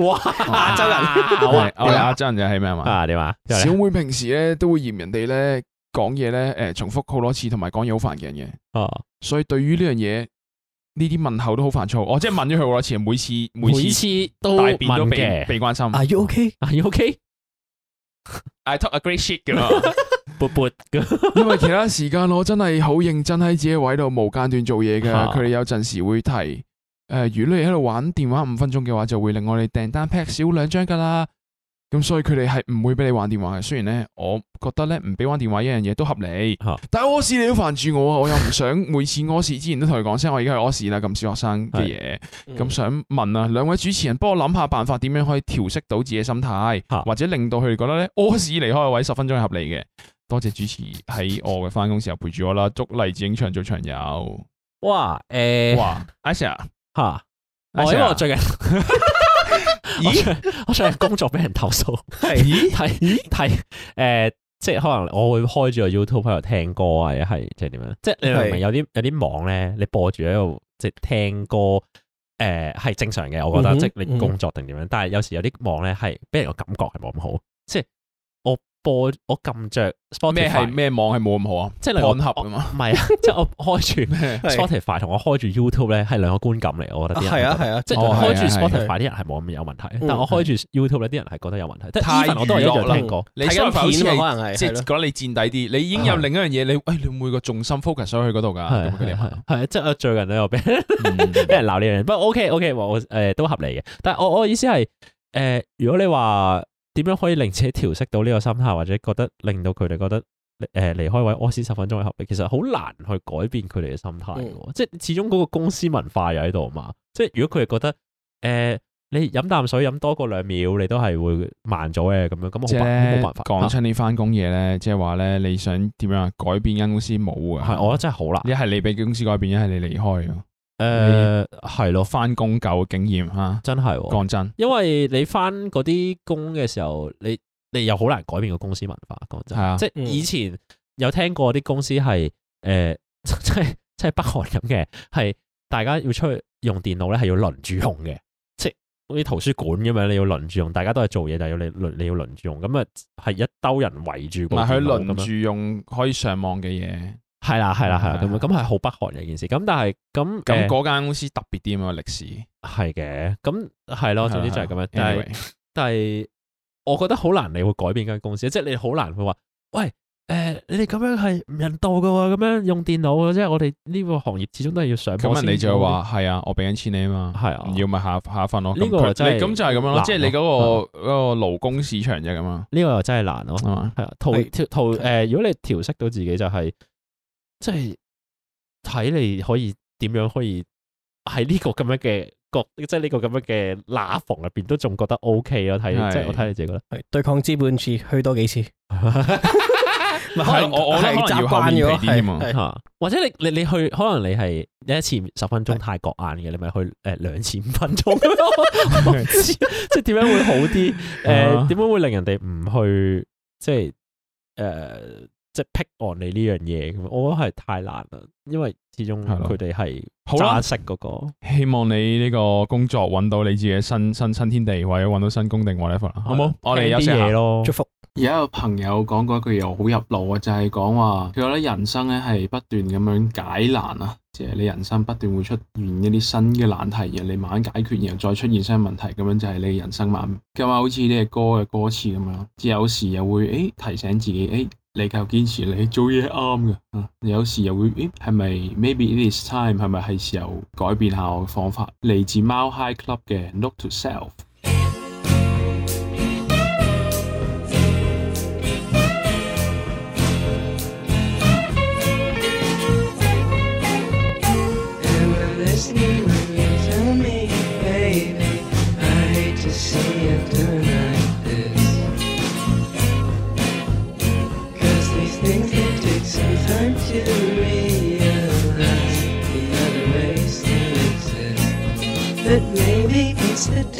哇！亞洲人，亞洲人就係咩嘛？啊，點啊？小妹平時咧都會嫌人哋咧講嘢咧，誒重複好多次，同埋講嘢好煩嘅人嘅。啊，所以對於呢樣嘢，呢啲問候都好煩躁。我即係問咗佢好多次，每次每次都變咗被被關心。Are you ok？Are you ok？I talk a great shit 噶嘛，因為其他時間我真係好認真喺自己位度無間斷做嘢嘅，佢哋 有陣時會提，誒、呃，如果你喺度玩電話五分鐘嘅話，就會令我哋訂單劈少兩張噶啦。咁所以佢哋係唔會俾你玩電話嘅。雖然咧，我覺得咧唔俾玩電話一樣嘢都合理。哈但係屙屎你都煩住我啊！我又唔想每次屙屎 之前都同佢講聲，我而家係屙屎啦。咁小學生嘅嘢，咁、嗯、想問啊，兩位主持人，幫我諗下辦法，點樣可以調適到自己嘅心態，哈或者令到佢哋覺得咧屙屎離開嘅位十分鐘係合理嘅。多謝主持喺我嘅翻工時候陪住我啦，祝黎志影長做長友。哇、誒、欸，阿 Sir，吓，我呢個最近、啊…… 咦我想我上日工作俾人投訴，係係係誒，即係可能我會開住個 YouTube 喺度聽歌啊，亦係即係點樣？即係你明唔明？有啲有啲網咧，你播住喺度即係聽歌，誒、呃、係正常嘅，我覺得、嗯、哼即係你工作定點樣？嗯、哼但係有時有啲網咧係俾人個感覺係冇咁好，即係。播我撳着，咩係咩網係冇咁好啊？即係聯合啊嘛？唔係啊，即係我開住咩？Spotify 同我開住 YouTube 咧，係兩個觀感嚟，我覺得係啊係啊。即係開住 Spotify 啲人係冇咁有問題，但我開住 YouTube 咧啲人係覺得有問題。即係呢份我都係一直喺度睇緊片可能係即係覺得你賤底啲。你已經有另一樣嘢，你喂你每個重心 focus 所去嗰度噶。係啊，即係最近都有俾俾人鬧呢樣嘢，不過 OK OK，我誒都合理嘅。但係我我意思係誒，如果你話。點樣可以令自己調適到呢個心態，或者覺得令到佢哋覺得誒、呃、離開位屙屎十分鐘嘅合，其實好難去改變佢哋嘅心態的。嗯、即係始終嗰個公司文化又喺度嘛。即係如果佢哋覺得誒、呃，你飲啖水飲多過兩秒，你都係會慢咗嘅咁樣，咁冇是辦法講親啲翻工嘢咧，啊、即係話咧你想點樣改變間公司冇嘅係，我覺得真係好難。一係你俾公司改變，一係你離開。誒，係咯、呃，翻工夠經驗啊，真係講、哦、真，因為你翻嗰啲工嘅時候，你你又好難改變個公司文化，講真，啊、即係以前有聽過啲公司係誒、嗯呃，即係即係北韓咁嘅，係大家要出去用電腦咧，係要輪住用嘅，即係啲圖書館咁樣，你要輪住用，大家都係做嘢，但係要輪你要輪住用，咁啊係一兜人圍住，唔係佢輪住用可以上網嘅嘢。嗯係啦，係啦，係啦，咁咁係好不寒嘅一件事。咁但係咁咁嗰間公司特別啲咁嘅歷史，係嘅。咁係咯，總之就係咁樣。但係我覺得好難你會改變間公司，即係你好難會話喂，誒，你哋咁樣係唔人道噶，咁樣用電腦即係我哋呢個行業始終都係要上網。咁問你就會話係啊，我俾緊錢你啊嘛，係啊，要咪下下一份咯。咁就係咁樣咯，即係你嗰個嗰個勞工市場啫咁樣呢個又真係難咯，係啊，調調調誒，如果你調適到自己就係。即係睇你可以點樣可以喺呢個咁樣嘅角，即係呢個咁樣嘅那房入邊都仲覺得 O K 咯。睇即係我睇你自己覺得係對抗資本主義去多幾次，可能我我可能要換咗啲嘛。或者你你你去，可能你係一次十分鐘太過眼嘅，你咪去誒兩次五分鐘咁咯。即係點樣會好啲？誒，點樣會令人哋唔去？即係誒。即係 pick on 你呢樣嘢，我覺得係太難啦，因為始終佢哋係好難識嗰個。希望你呢個工作揾到你自己新新新天地，或者揾到新工定 whatever，好唔好？對聽 我哋有啲嘢咯，祝福。而家有個朋友講過一句又好入腦啊，就係講話，佢覺得咧人生咧係不斷咁樣解難啊，即係你人生不斷會出現一啲新嘅難題，然後你慢慢解決，然後再出現新問題，咁樣就係、是、你人生慢。」咁啊，好似啲歌嘅歌詞咁樣，即係有時又會誒、欸、提醒自己誒。欸你靠堅持你做嘢啱㗎。有時又會，誒係咪？Maybe this time 係咪係時候改變下我嘅方法？嚟自 Mild High Club 嘅 Note To Self。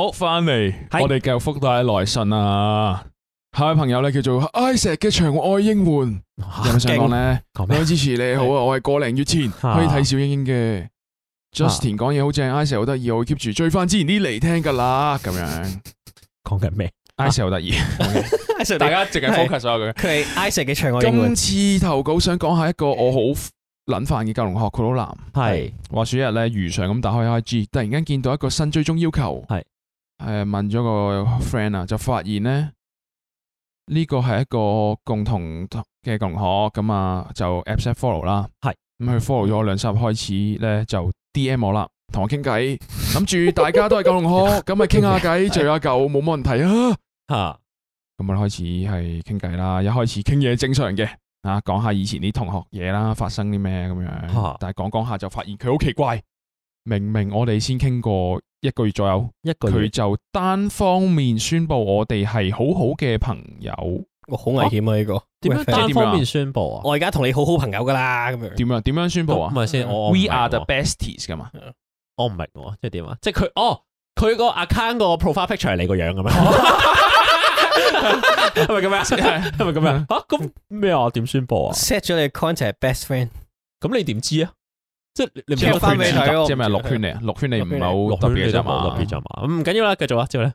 好翻嚟，我哋繼續收到啲來信啊！下位朋友咧叫做 Isaac 嘅《長愛英換》，有咩想講咧？想支持你好啊！我係個零月前可以睇小英英嘅 Justin 講嘢好正 Isaac 好得意，我 keep 住追翻之前啲嚟聽噶啦。咁樣講緊咩 Isaac 好得意 Isaac 大家淨係 focus 所佢。佢係 Isaac 嘅《長愛英換》。今次投稿想講下一個我好撚煩嘅教龍學骷髏男。係話說一日咧，如常咁打開 IG，突然間見到一個新追蹤要求。係。誒，問咗個 friend 啊，就發現咧呢、呢個係一個共同嘅同學，咁、嗯、啊就 accept follow 啦，係咁佢是、嗯、follow 咗兩三日開始咧就 D M 我啦，同我傾偈，諗住大家都係舊同學，咁啊傾下偈，聚下舊冇問題啊，吓哈，咁啊、嗯嗯、開始係傾偈啦，一開始傾嘢正常嘅，啊、嗯、講下以前啲同學嘢啦，發生啲咩咁樣，哈但係講講下就發現佢好奇怪，明明我哋先傾過。一個月左右，一個月佢就單方面宣布我哋係好好嘅朋友，好危險啊！呢個點樣單方面宣布啊？我而家同你好好朋友噶啦，咁樣點樣點樣宣布啊？唔係先，We are the besties 噶嘛、嗯？我唔明喎，即係點啊？即係佢哦，佢個 account 個 profile picture 係你個樣咁 樣，係咪咁樣？係咪咁樣？吓咁咩啊？我點宣布啊？set 咗你 contact 就係 best friend，咁你點知啊？即係翻俾你睇，即係咪六圈嚟啊？六圈嚟唔係好特別咋嘛？唔緊要啦，繼續啊，之後咧，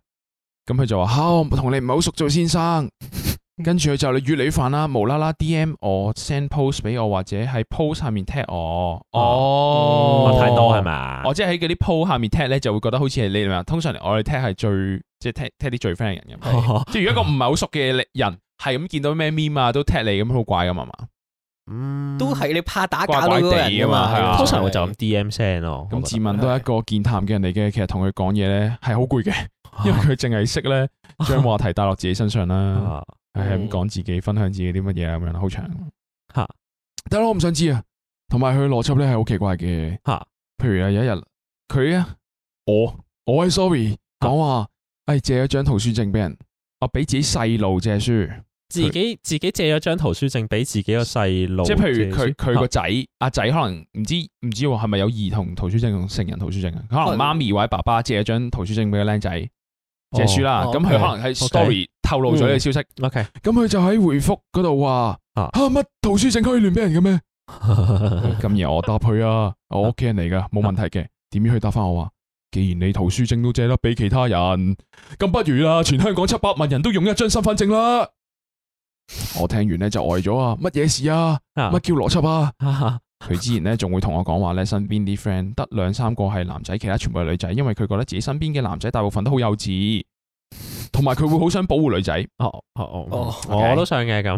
咁佢就話：，吓，我同你唔係好熟，做先生。跟住佢就你粵語范啦，無啦啦 DM 我，send post 俾我或者喺 post 下面 tag 我。哦，太多係嘛？我即係喺嗰啲 post 下面 tag 咧，就會覺得好似係你，係咪啊？通常嚟我哋 tag 係最即係 tag tag 啲最 friend 嘅人咁。即係如果個唔係好熟嘅人，係咁見到咩 meme 啊，都 tag 你咁好怪噶嘛？嘛。嗯，都係你怕打攪到人啊嘛，通常我就 D M 聲咯。咁自問都係一個健談嘅人嚟嘅，其實同佢講嘢咧係好攰嘅，因為佢淨係識咧將話題帶落自己身上啦，係咁講自己，分享自己啲乜嘢咁樣，好長吓。但係我唔想知啊，同埋佢邏輯咧係好奇怪嘅吓。譬如啊，有一日佢啊，我我係 sorry 講話，哎借咗張圖書證俾人，我俾自己細路借書。自己自己借咗張圖書證俾自己個細路，即係譬如佢佢個仔阿仔可能唔知唔知係咪有兒童圖書證同成人圖書證啊？可能媽咪或者爸爸借咗張圖書證俾個僆仔借書啦。咁佢、哦啊、可能喺 story okay, okay, 透露咗呢個消息。O K，咁佢就喺回覆嗰度話：吓乜、啊啊、圖書證可以亂俾人嘅咩、 啊？今日我答佢啊，我屋企人嚟噶，冇問題嘅。點樣去答翻我啊？既然你圖書證都借得俾其他人，咁不如啦、啊，全香港七百萬人都用一張身份證啦。我聽完咧就呆咗啊！乜嘢事啊？乜叫邏輯啊？佢之前咧仲會同我講話咧，身邊啲 friend 得兩三個係男仔，其他全部係女仔，因為佢覺得自己身邊嘅男仔大部分都好幼稚，同埋佢會好想保護女仔。Oh, oh, oh, okay、我都想嘅咁。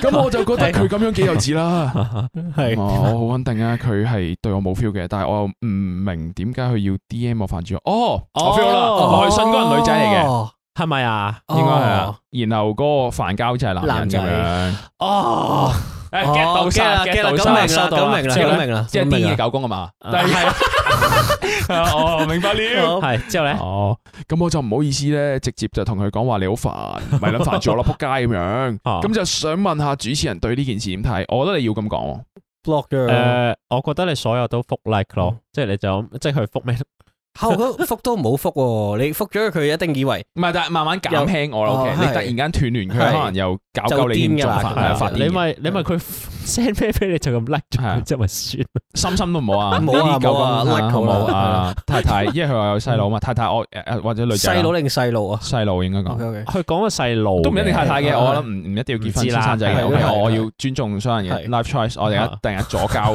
咁 我就覺得佢咁樣幾幼稚啦。係我好穩定啊，佢係對我冇 feel 嘅，但係我又唔明點解佢要 D M 我煩住。哦。我 feel 啦，來信嗰個係女仔嚟嘅。係咪啊？應該係啊。然後嗰個煩膠就係男人咁樣。哦，get 到晒啦，get 到咁明啦，咁明啦，咁明啦，即係癲嘅狗公啊嘛。第二，哦，明白了。係之後咧，哦，咁我就唔好意思咧，直接就同佢講話你好煩，唔係諗煩咗啦，撲街咁樣。咁就想問下主持人對呢件事點睇？我覺得你要咁講。誒，我覺得你所有都復 like 咯，即係你就即係復咩？後果覆都冇覆，你覆咗佢，佢一定以為唔係，但係慢慢減輕我啦。你突然間斷聯佢，可能又搞夠你呢種做法。你咪你咪佢 send 咩俾，你就咁甩咗，即係咪算？心心都冇啊，唔好啊，甩好冇啊！太太，因為佢話有細佬嘛，太太我誒或者女仔細佬定細路啊？細路應該講，佢講個細路都唔一定太太嘅，我諗唔唔一定要結婚生仔，因為我要尊重所有人嘅 life choice。我而家第日左交，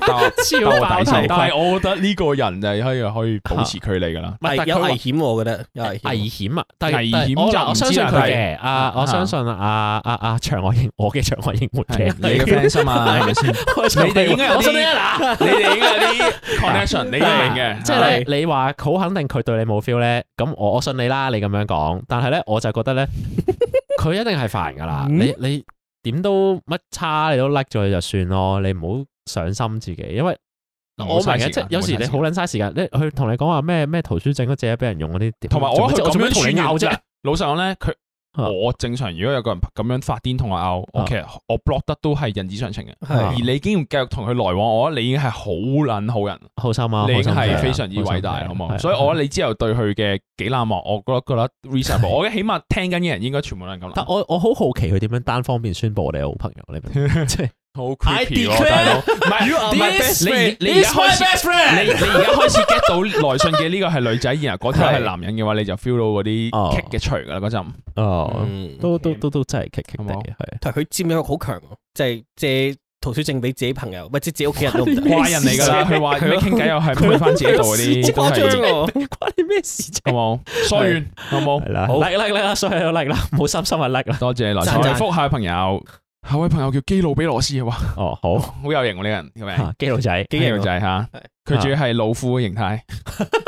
但係我覺得呢個人就可以可以。保持距離㗎啦，唔係有危險，我覺得有危險。危險啊！但係危險就我相信佢嘅。阿我相信阿阿阿長我應我嘅長我應活者，你嘅 fans 啊嘛，係咪先？你哋應該有啲，我信你，你哋應該有啲 connection，你明嘅即係你你話好肯定佢對你冇 feel 咧，咁我我信你啦，你咁樣講。但係咧，我就覺得咧，佢一定係煩㗎啦。你你點都乜差，你都甩咗佢就算咯。你唔好傷心自己，因為。我唔係嘅，即係有時你好撚嘥時間，你去同你講話咩咩圖書證都借俾人用嗰啲，同埋我佢咁樣同你拗啫。老實講咧，佢我正常，如果有個人咁樣發癲同我拗，我其實我 block 得都係人之常情嘅。而你竟然繼續同佢來往，我覺得你已經係好撚好人，好心啊！你係非常之偉大，好冇。所以我覺得你之後對佢嘅幾冷漠，我覺得覺得 reasonable。我覺得起碼聽緊嘅人應該全部都係咁。但我我好好奇佢點樣單方面宣佈我哋好朋友咧，即係。好 creepy，大佬，唔係你你而家開始，你你而家開始 get 到來信嘅呢個係女仔，然後嗰條係男人嘅話，你就 feel 到嗰啲 kick 嘅除噶啦，嗰陣哦，都都都都真係 kick kick 得嘅係，佢佔有欲好強，就係借圖書證俾自己朋友，或者自己屋企人都怪人嚟噶啦，佢話佢咩傾偈又係推翻自己度嗰啲，關你咩事啫，好冇，收完，好冇，好嚟嚟嚟啦，收啦，嚟啦，好心心啊，嚟啦，多謝來信，福下朋友。下位朋友叫基魯比羅斯啊！哦，好，好 有型呢個人基佬仔，基佬仔吓，佢主要係老虎嘅形態。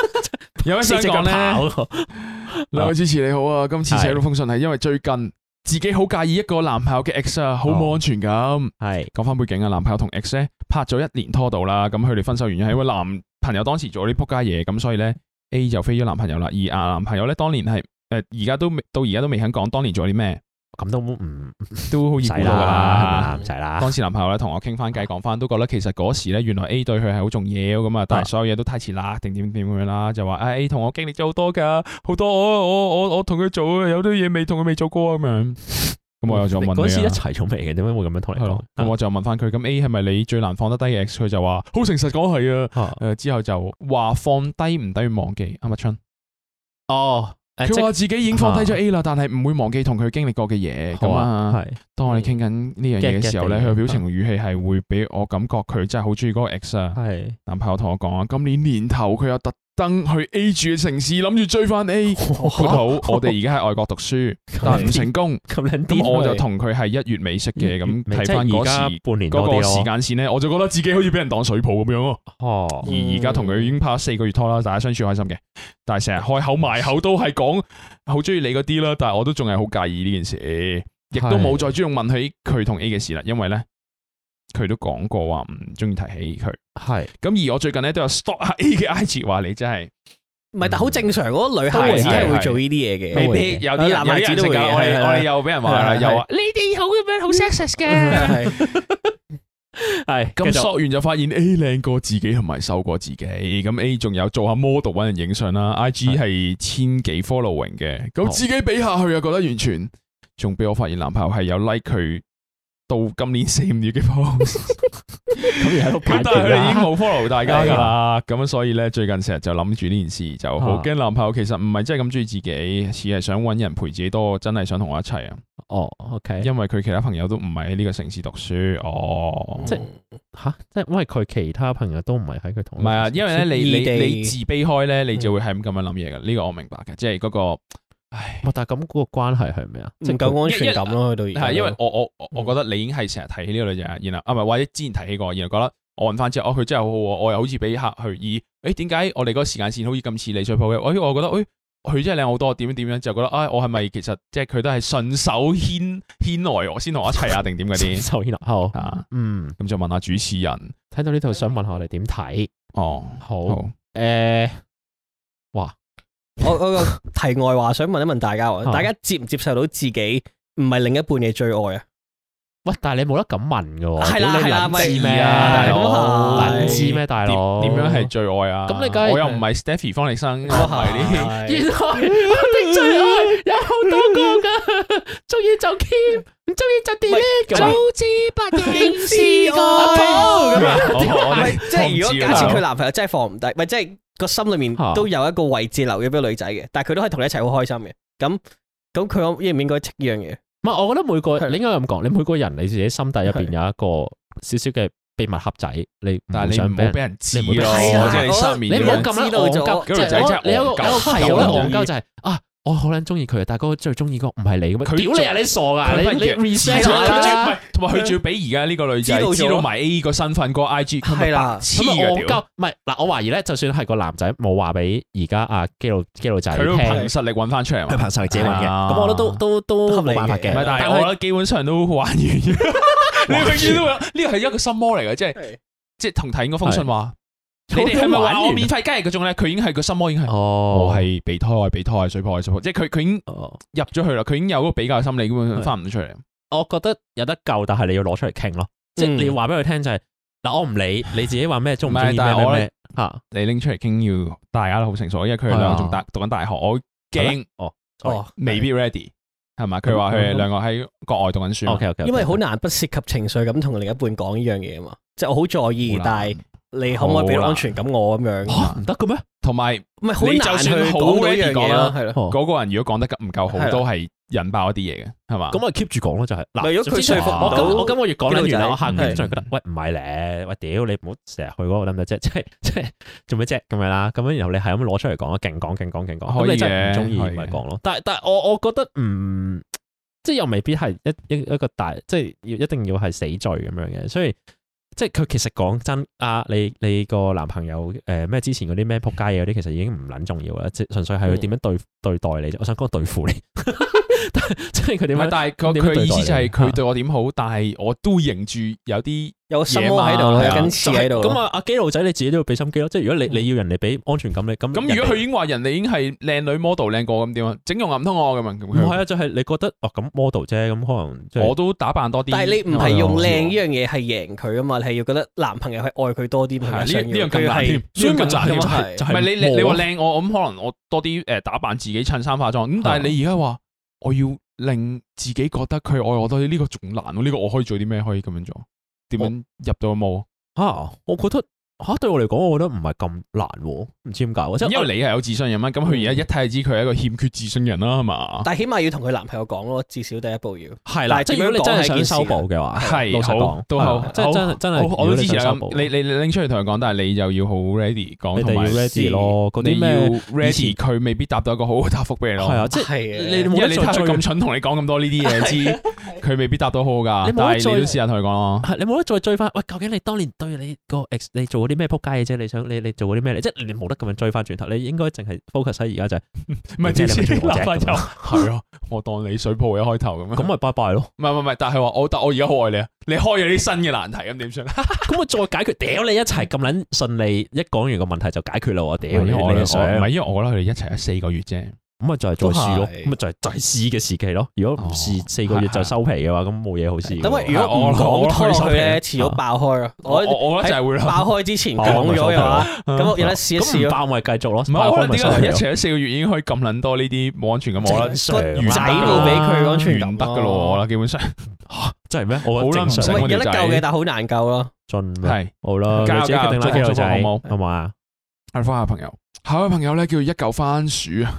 有咩想講咧，兩位 主持你好啊！哦、今次寫到封信係因為最近自己好介意一個男朋友嘅 x 啊，好冇安全感。係講翻背景啊，是男朋友同 X 呢拍咗一年拖到啦，咁佢哋分手原因係因為男朋友當時做啲仆街嘢，咁所以咧 A 就飛咗男朋友啦。而阿男朋友咧當年係誒，而、呃、家都未到而家都未肯講當年做啲咩。咁都唔都好易估到噶啦，唔使啦。是是當時男朋友咧同我傾翻偈，講翻都覺得其實嗰時咧，原來 A 對佢係好重要咁啊，但係所有嘢都太遲啦，定點點咁樣啦，就話誒，同、哎、我經歷咗好多噶，好多我我我同佢做啊，有啲嘢未同佢未做過咁樣。咁、嗯、我又就問，嗰時一齊做咩嘅？點解會咁樣同你講？的啊、我就問翻佢，咁 A 係咪你最難放得低嘅？佢就話好誠實講係啊。之後就話放低唔等於忘記。阿麥春，哦。佢話自己已經放低咗 A 啦，啊、但係唔會忘記同佢經歷過嘅嘢啊，係、啊、是當我哋傾緊呢樣嘢嘅時候咧，佢嘅、嗯、表情語氣係係會俾我感覺佢真係好中意嗰個 X 啊是。男朋友同我講啊，今年年頭佢有得。登去 A 住嘅城市，諗住追翻 A 哇。好，我哋而家喺外國讀書，但係唔成功。咁於我就同佢係一月尾識嘅，咁睇翻而家半年嗰個時間線咧，我就覺得自己好似俾人當水泡咁樣。哦、啊，而而家同佢已經拍咗四個月拖啦，大家相處開心嘅，但係成日開口埋口都係講好中意你嗰啲啦，但係我都仲係好介意呢件事，亦唉都冇再主動問起佢同 A 嘅事啦，因為咧。佢都講過話唔中意提起佢，係咁，而我最近咧都有 stop 阿 A 嘅 I G，話你真係唔係，但好正常，嗰個女孩子係會做呢啲嘢嘅，未必有啲男仔都會。我哋我哋又俾人話啦，又話你哋好咁樣好 sexy 嘅，係咁。索完就發現 A 靚過自己同埋瘦過自己，咁 A 仲有做下 model 搵人影相啦，I G 係千幾 following 嘅，咁自己比下去又覺得完全仲俾我發現男朋友係有 like 佢。到今年四五月嘅 post 咁而喺屋企，但係佢已經冇 follow 大家噶啦。咁、哎、呀 所以咧，最近成日就諗住呢件事，就好驚男朋友其實唔係真係咁中意自己，似係、啊、想揾人陪自己多，真係想同我一齊啊。哦，OK，因為佢其他朋友都唔係喺呢個城市讀書，哦即，即係吓，即係因為佢其他朋友都唔係喺佢同，唔係啊，因為咧，你你你自卑開咧，你就會係咁樣諗嘢噶。呢、嗯、個我明白嘅，即係嗰、嗰個。唉，但係咁個關係係咩啊？唔夠即安全感咯，去到而家係，因為,因為我我我覺得你已經係成日提起呢個女仔，然後啊唔或者之前提起過，然後覺得我搵翻之後，哦，佢真係好好，我又好似俾客去以，誒，點、欸、解我哋嗰個時間線好似咁似你想 p 嘅？我，覺得，誒、哎，佢真係靚好多，點樣點樣，就覺得，啊、哎，我係咪其實即係佢都係順手牽牽來我先同我一齊啊？定點嗰啲？ 順手牽來，好啊，嗯，咁就問下主持人，睇到呢度想問下我哋點睇？哦，好，誒好，uh, 哇！我我個題外話想問一問大家，大家接唔接受到自己唔係另一半嘅最愛啊？喂，但係你冇得咁問嘅喎，係啦，係啦，唔知咩大佬，唔知咩大佬，點樣係最愛啊？咁你梗我又唔係 Stephy 方力申，都係啲。最愛有好多個噶，中意就 Keep，唔中意就 Direct，早知不認是愛。即係如果假設佢男朋友真係放唔低，咪即係個心裏面都有一個位置留咗俾女仔嘅，但係佢都可以同你一齊好開心嘅。咁咁佢應唔應該識呢樣嘢？唔係，我覺得每個你應該咁講，你每個人你自己心底入邊有一個少少嘅秘密盒仔，你但係你唔好俾人知咯，即係你上面你唔好咁啦，戇鳩。咁條仔真係你有一個好戇鳩就係啊。我好捻中意佢啊！大哥最中意個唔係你咁啊？佢屌你啊！你傻噶！你你 reset 啦！同埋佢仲要俾而家呢個女仔知道埋 A 個身份個 I G。係啦，黐個屌。唔係嗱，我懷疑咧，就算係個男仔冇話俾而家阿基佬基佬仔聽，憑實力揾翻出嚟嘛？係憑實力嘅。咁我覺得都都都冇辦法嘅。但係我覺得基本上都玩完。你永遠都呢個係一個心魔嚟嘅，即係即係同睇嗰封信話。你哋係咪玩啲免費雞嗰種咧？佢已經係個心魔，已經係我係備胎，係備胎，係水泡，係水泡。即係佢，佢已經入咗去啦。佢已經有個比較心理，根本翻唔出嚟。我覺得有得救，但係你要攞出嚟傾咯。即係你話俾佢聽就係嗱，我唔理你自己話咩中唔中意咩咩嚇。你拎出嚟傾要大家都好成熟，因為佢哋兩個仲大讀緊大學，我驚哦哦，未必 ready 係嘛？佢話佢哋兩個喺國外讀緊書。OK OK，因為好難不涉及情緒咁同另一半講呢樣嘢嘛。即係我好在意，但係。你可唔可以俾安全感我咁樣？唔得嘅咩？同埋，唔係好嘅講嗰樣嘢，係嗰個人如果講得唔夠好，都係引爆一啲嘢嘅，係嘛？咁我 keep 住講咯，就係嗱，如果佢說服我今個月講緊完啦，我下個月再講。喂，唔係咧，喂屌你，唔好成日去嗰個得唔得啫，即係即係做咩啫？咁樣啦，咁樣然後你係咁攞出嚟講，勁講勁講勁講，咁你就係唔中意唔講咯。但係但係我我覺得唔，即係又未必係一一一個大，即係要一定要係死罪咁樣嘅，所以。即係佢其實講真，啊你你個男朋友誒咩、呃、之前嗰啲咩仆街嘢嗰啲，其實已經唔撚重要啦，即純粹係佢點樣對、嗯、對待你啫。我想講對付你。 即係佢點？但係佢嘅意思就係佢對我點好？但係我都認住有啲有心魔喺度，有根刺喺度。咁啊，阿基佬仔你自己都要俾心機咯。即係如果你你要人哋俾安全感，你咁咁如果佢已經話人哋已經係靚女 model 靚過咁點整容唔通我咁啊？唔係啊，就係你覺得哦咁 model 啫，咁可能我都打扮多啲。但係你唔係用靚呢樣嘢係贏佢啊嘛？係要覺得男朋友係愛佢多啲呢樣咁難添，所以係你你話靚我，我咁可能我多啲誒打扮自己，襯衫化妝咁。但係你而家話。我要令自己覺得佢愛、哎、我，都呢個仲難，喎。呢個我可以做啲咩？可以咁樣做？點樣入到去冇？嚇、啊！我覺得。嚇，對我嚟講，我覺得唔係咁難，唔知點解。因為你係有自信人啦，咁佢而家一睇就知佢係一個欠缺自信人啦，係嘛？但起碼要同佢男朋友講咯，至少第一步要。係啦，即如果你真係想修補嘅話，係好都好，即係真係真係我都支持。你你你拎出嚟同佢講，但係你又要好 ready 講同埋 ready 咯，嗰啲咩？ready 佢未必答到一個好好嘅答覆俾你咯。係啊，即係你而家你睇佢咁蠢，同你講咁多呢啲嘢，知佢未必答到好㗎。但係你要試下同佢講咯。你冇得再追翻。喂，究竟你當年對你個 ex 你做啲咩撲街嘅啫？你想你你做嗰啲咩？你即係你冇得咁樣追翻轉頭，你應該淨係 focus 而家就係唔係黐線爛塊油。係啊，我當你水泡一開頭咁樣，咁咪拜拜咯。唔係唔係，但係話我但我而家好愛你啊！你開咗啲新嘅難題，咁點算？咁 我再解決屌你一齊咁捻順利，一講完個問題就解決啦！我屌，因為我想，唔係因為我覺得佢哋一齊得四個月啫。咁咪就係再試咯，咁咪對就係在試嘅時期咯。如果唔試四個月就收皮嘅話，咁冇嘢好試。咁如果唔講開佢咧，遲早爆開咯。我我就係會爆開之前講咗嘅話，咁有得試一試咯。咁咁咪繼續咯。唔係，我覺得啲一除咗四個月已經可以咁捻多呢啲冇安全感。個仔冇俾佢安全感，唔得噶咯，我啦，基本上吓真係咩？我好啦，唔使有得救嘅，但係好難救咯。係好啦，好好仔好冇好嘛？阿芳啊，我朋友就一，下位朋友咧叫一嚿番薯啊。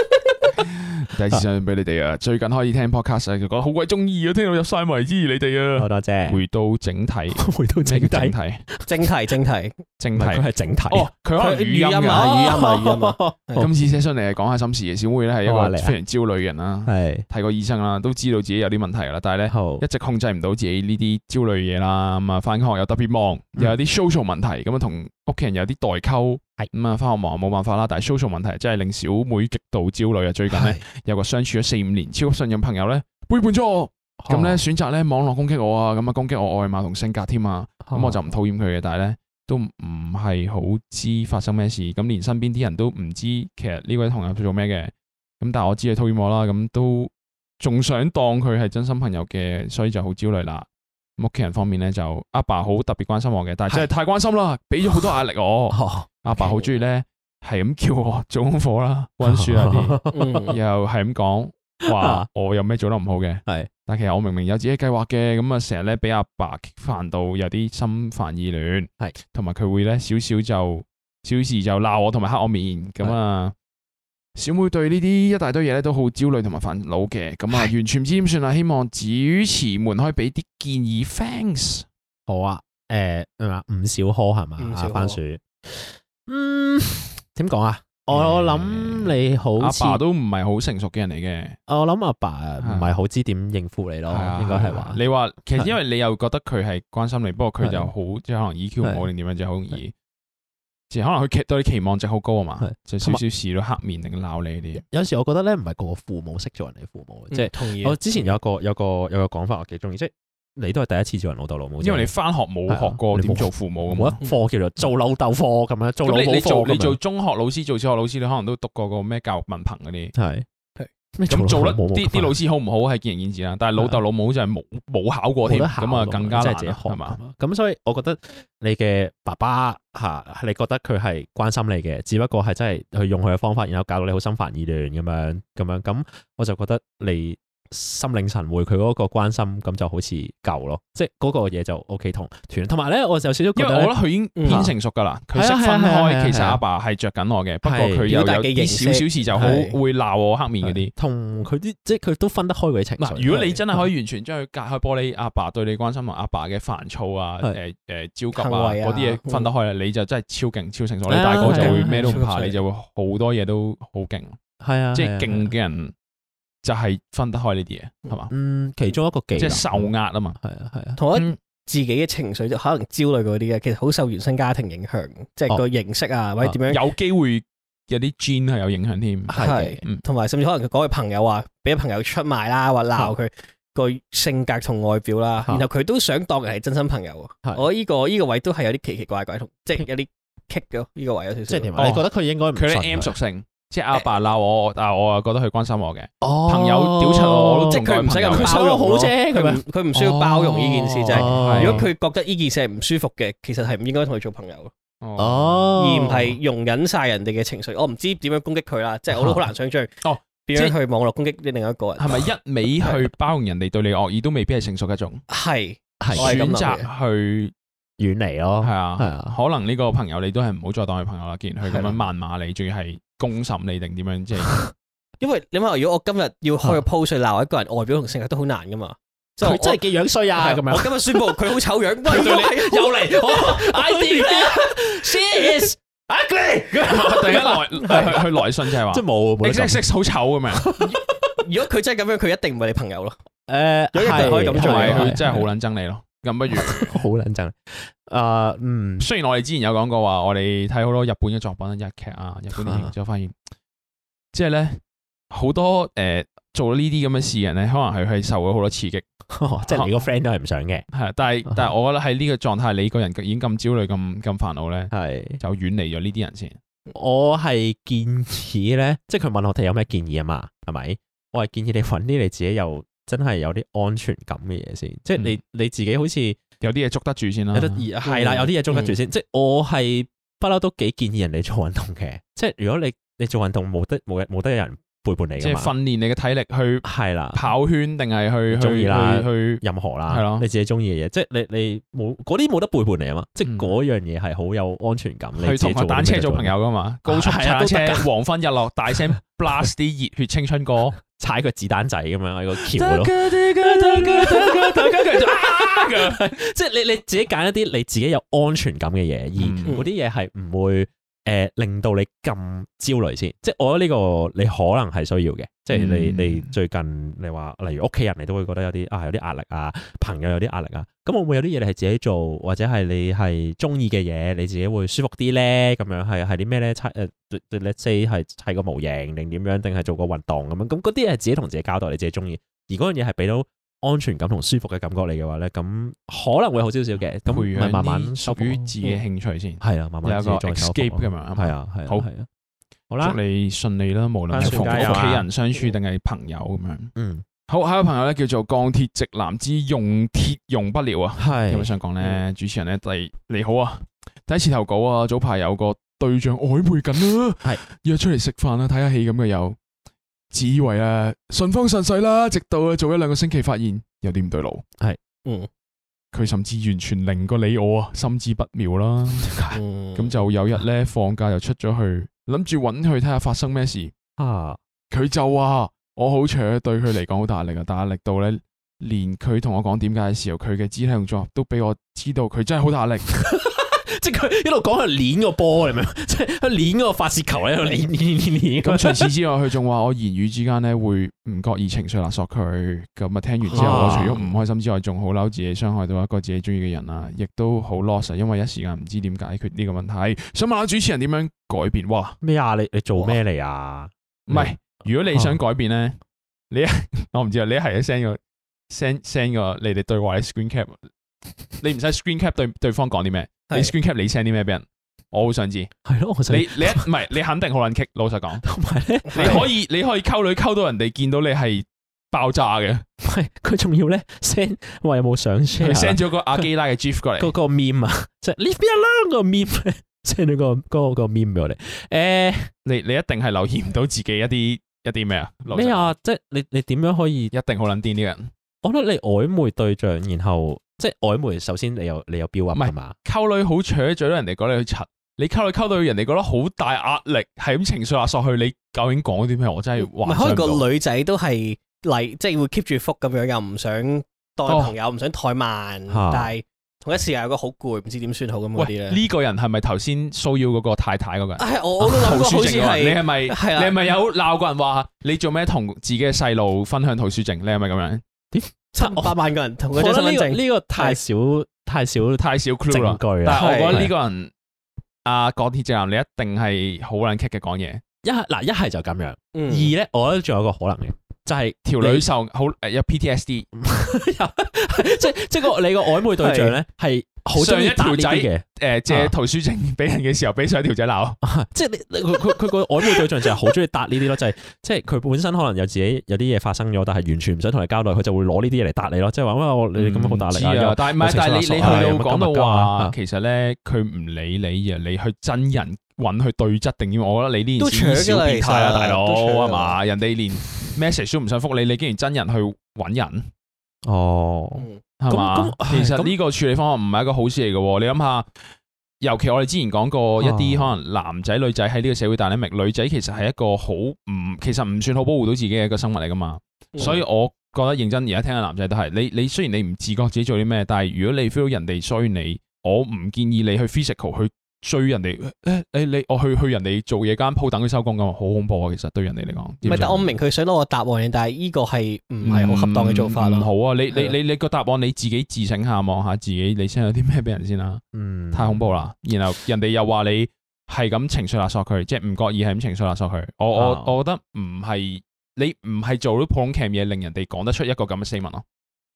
第二次上俾你哋啊！最近開始聽 podcast 佢講好鬼中意啊，聽到有晒為之你哋啊！好多謝。回到整體， 回到整體，整，體整體，整體，整體，整體係整體。佢可以語音啊，語音啊，哦、語音、啊。哦、今次寫上嚟係講下心事嘅，小妹咧係一個非常焦慮嘅人啦，睇、啊、過醫生啦，都知道自己有啲問題啦，但係咧一直控制唔到自己呢啲焦慮嘢啦。咁啊，翻學又特別忙，又有啲 social 問題，咁啊同。屋企人有啲代溝，係咁啊，返學忙冇辦法啦。但係 social 問題真係令小妹極度焦慮啊！最近呢是有個相處咗四五年超級信任朋友咧背叛咗我，咁咧、啊、選擇咧網絡攻擊我啊，咁啊攻擊我外貌同性格添啊，咁、啊、我就唔討厭佢嘅，但係咧都唔係好知發生咩事，咁連身邊啲人都唔知其實呢位朋友做咩嘅，咁但係我知佢討厭我啦，咁都仲想當佢係真心朋友嘅，所以就好焦慮啦。屋企人方面咧，就阿爸好特別關心我嘅，但係真係太關心啦，俾咗好多壓力我。阿 爸好中意咧，係咁 叫我做功課啦、溫書啊啲， 又係係咁講話，我有咩做得唔好嘅？係， 但其實我明明有自己計劃嘅，咁啊成日咧俾阿爸激煩到有啲心煩意亂，係， 同埋佢會咧少少就小事就鬧我，同埋黑我面，咁啊。 小妹對呢啲一大堆嘢咧都好焦慮同埋煩惱嘅，咁啊完全唔知點算啊！希望主持們可以俾啲建議。Thanks。好啊，誒，唔少柯係嘛？番薯，嗯，點講啊？我諗你好阿爸都唔係好成熟嘅人嚟嘅，我諗阿爸唔係好知點應付你咯，應該係話你話，其實因為你又覺得佢係關心你，不過佢就好即係可能 EQ 冇定點樣，就好容易。可能佢期對你期望值好高啊嘛，是就少少事都黑面定鬧、嗯、你呢啲。有時我覺得咧唔係個個父母識做人哋父母，即係、嗯、我之前有一個有一個有個講法我幾中意，即、就、係、是、你都係第一次做人老豆老母。因為你翻學冇學過點、啊、做父母嘅，冇一課叫做做老豆課咁樣。做,爸爸做爸爸你你做你做中學老師做小學老師，你可能都讀過個咩教育文憑嗰啲。係。咁做，做得啲啲老師好唔好係見仁見智啦，但係老豆老母就係冇冇考過添，咁啊更加難，即係自己學嘛，咁吧所以我覺得你嘅爸爸吓，你覺得佢係關心你嘅，只不過係真係佢用佢嘅方法，然後搞到你好心煩意亂咁樣，咁樣，咁我就覺得你。心領神會佢嗰個關心，咁就好似夠咯，即係嗰個嘢就 O K 同，同埋咧我就少少覺得，因為我覺得佢已經偏成熟噶啦，佢識分開其實阿爸係着緊我嘅，不過佢有啲少少事就好會鬧我黑面嗰啲，同佢啲即係佢都分得開佢嘅情緒。如果你真係可以完全將佢隔開玻璃，阿爸對你關心同阿爸嘅煩躁啊，誒誒焦急啊嗰啲嘢分得開啦，你就真係超勁超成熟，你大哥就會咩都唔怕，你就會好多嘢都好勁，係啊，即係勁嘅人。就係分得開呢啲嘢，係嘛？嗯，其中一個技即係受壓啊嘛，係啊，係啊，同一自己嘅情緒就可能焦慮嗰啲嘅，其實好受原生家庭影響，即係個認識啊，或者點樣，有機會有啲 gene 係有影響添，係，同埋甚至可能佢嗰位朋友話，俾朋友出賣啦，或鬧佢個性格同外表啦，然後佢都想當人係真心朋友，我呢個呢個位都係有啲奇奇怪怪，即係有啲棘嘅呢個位有少少，你覺得佢應該佢啲 M 屬性？即係阿爸鬧我，但我又覺得佢關心我嘅。哦，朋友屌柒我，即係佢唔使咁。佢收好啫，佢唔佢唔需要包容呢件事。就係如果佢覺得呢件事係唔舒服嘅，其實係唔應該同佢做朋友哦，而唔係容忍晒人哋嘅情緒。我唔知點樣攻擊佢啦，即係我都好難想像。哦，點樣去網絡攻擊另外一個人？係咪一味去包容人哋對你惡意，都未必係成熟一種？係，選擇去遠離咯。係啊，係啊，可能呢個朋友你都係唔好再當佢朋友啦。既然佢咁樣謾罵你，仲要係。公審你定點樣？即係因為你話，如果我今日要開個 post 鬧一個人外表同性格都好難噶嘛？佢真係幾樣衰啊！我今日宣布佢好醜樣，有嚟！Idea，she is ugly。第一來係佢來信，即係話即係冇 exex 好醜噶咩？如果佢真係咁樣，佢一定唔係你朋友咯。誒，係，係，佢真係好捻憎你咯。咁不如好 冷靜靜。誒、啊，嗯，雖然我哋之前有講過話，我哋睇好多日本嘅作品、日劇啊、日本電影，之後發現即係咧好多誒、呃、做呢啲咁嘅事人咧，可能係佢受咗好多刺激，呵呵嗯、即係你個 friend 都係唔想嘅。係，但係、啊、但係，我覺得喺呢個狀態，你個人已經咁焦慮、咁咁煩惱咧，係是就遠離咗呢啲人先。我係建議咧，即係佢問我哋有咩建議啊嘛，係咪？我係建議你搵啲你自己有，真係有啲安全感嘅嘢先，即係你你自己好似有啲嘢捉得住先啦，有得係啦，有啲嘢捉得住先。即係我係不嬲都幾建議人哋做運動嘅，即係如果你你做運動冇得冇冇得有人背叛你，即係訓練你嘅體力去係啦跑圈定係去中意去去任何啦，係咯你自己中意嘅嘢，即係你你冇嗰啲冇得背叛你啊嘛，即係嗰樣嘢係好有安全感。你去坐單車做朋友噶嘛，高速叉車，黃昏日落，大聲 blast 啲熱血青春歌。踩個子彈仔咁樣喺個橋咯，即係你你自己揀一啲你自己有安全感嘅嘢，而嗰啲嘢係唔會。誒、呃，令到你咁焦慮先，即係我覺得呢個你可能係需要嘅，即係你你最近你話例如屋企人你都會覺得有啲啊有啲壓力啊，朋友有啲壓力啊，咁會唔會有啲嘢你係自己做，或者係你係中意嘅嘢，你自己會舒服啲咧？咁樣係係啲咩咧？拆誒、呃、，let say 係砌個模型定點樣，定係做個運動咁樣，咁嗰啲係自己同自己交代，你自己中意，而嗰樣嘢係俾到。安全感同舒服嘅感覺嚟嘅話咧，咁可能會好少少嘅，咁唔係慢慢屬於自己嘅興趣先，係啊，慢慢自己再是慢慢自己再 keep 咁樣啊，係啊好，是是是好，好啦，祝你順利啦，無論係同屋企、啊、人相處定係朋友咁樣，嗯，好，下一個朋友咧叫做鋼鐵直男之用鐵用不了啊，係有乜想講咧？是的主持人咧，第你好啊，第一次投稿啊，早排有個對象曖昧緊、啊、啦，係的約出嚟食飯啊，睇下戲咁嘅有。自以為啊順風順水啦，直到做一兩個星期，發現有啲唔對路。係，嗯，佢甚至完全零個理我啊，心知不妙啦。咁、嗯、就有一日咧，放假又出咗去，諗住揾佢睇下發生咩事。啊，佢就話我好扯，對佢嚟講好大壓力啊，大壓力到咧，連佢同我講點解嘅時候，佢嘅肢體動作都俾我知道，佢真係好大壓力。 即佢一路講佢捻個波，你明唔明？即係佢捻個發洩球喺度捻捻捻捻。咁除此之外，佢仲話我言語之間咧會唔覺意情緒勒索佢。咁啊，聽完之後我除咗唔開心之外，仲好嬲自己傷害到一個自己中意嘅人啊！亦都好 loss，因為一時間唔知點解決呢個問題。想問下主持人點樣改變？哇！咩啊？你你做咩嚟啊？唔係哇你，如果你想改變咧、啊，你我唔知啊。你係 send 個 send send 個你哋對話嘅 screen cap。你唔使 screen cap 對對方講啲咩？是的 你 screen cap 你 send 啲咩俾人？我好想知，係咯，你你唔係你肯定好卵激，老實講，同埋咧，你可以他 你可以溝女溝到人哋見到你係爆炸嘅。係佢仲要咧 send 哇有冇上車 send 咗個阿基拉嘅 gif 過嚟，嗰個 meme 啊，即係 leave me alone 個 mem，send 你個嗰個 mem 俾我哋。誒，你你一定係留意唔到自己一啲一啲咩啊？咩啊？即係你你點樣可以？一定好卵癲呢個人。我覺得你曖昧對象，然後。即係曖昧，首先你有你有標壓，係嘛？溝女好扯，咗人哋講你去尋。你溝女溝到人哋覺得好大壓力，係咁情緒壓索去，你究竟講啲咩？我真係話唔係，可能個女仔都係嚟，即係會 keep 住福咁樣，又唔想當朋友，唔、哦、想怠慢，啊、但係同一時間又覺得好攰，唔知點算好咁嗰呢、這個人係咪頭先騷擾嗰個太太嗰個？人？哎、我我都諗過好似係你係咪係你係咪有鬧過人話你做咩同自己嘅細路分享圖書證？你係咪咁樣？ 七百萬個人同佢身份證，呢、這個這個太少對太少太少 clue 啦。但係我覺得呢個人，阿的、啊、港鐵正男你一定係好捻激嘅講嘢。一係嗱，一係就咁樣。嗯、二咧，我覺得仲有一個可能嘅，就係、是、條女受好你有 PTSD，即即個你個曖昧對象咧係。的好中意打呢啲嘅，誒借圖書證俾人嘅時候，俾上一條仔鬧，即係你佢佢佢個曖昧對象就係好中意答呢啲咯，就係即係佢本身可能有自己有啲嘢發生咗，但係完全唔想同你交代，佢就會攞呢啲嘢嚟答你咯，即係話咩我你咁樣好大你啊，但係唔係，但係你你佢又講到話，其實咧佢唔理你而你去真人揾佢對質定點，我覺得你呢件事算個小變態啦，大佬係嘛？人哋連 message 都唔想覆你，你竟然真人去揾人，哦。其實呢個處理方案唔係一個好事嚟嘅。你諗下，尤其我哋之前講過一啲可能男仔女仔喺呢個社會，但係你明，女仔其實係一個好唔，其實唔算好保護到自己嘅一個生物嚟噶嘛。是的 所以我覺得認真，而家聽嘅男仔都係你，你雖然你唔自覺自己做啲咩，但係如果你 feel 到人哋衰你，我唔建議你去 physical 去。追人哋誒誒你我去去人哋做嘢間鋪，等佢收工咁啊，好恐怖啊！其實對人哋嚟講，唔係，但我唔明佢想攞個答案，但係呢個係唔係好恰當嘅做法唔，嗯嗯、好啊！你的你你你個答案你，你自己自省下，望下自己，你先有啲咩俾人先啦，啊。嗯，太恐怖啦！然後人哋又話你係咁情緒勒索佢，即係唔覺意係咁情緒勒索佢。我、嗯、我我覺得唔係你唔係做咗普通 cam 嘢，令人哋講得出一個咁嘅，啊、statement 咯。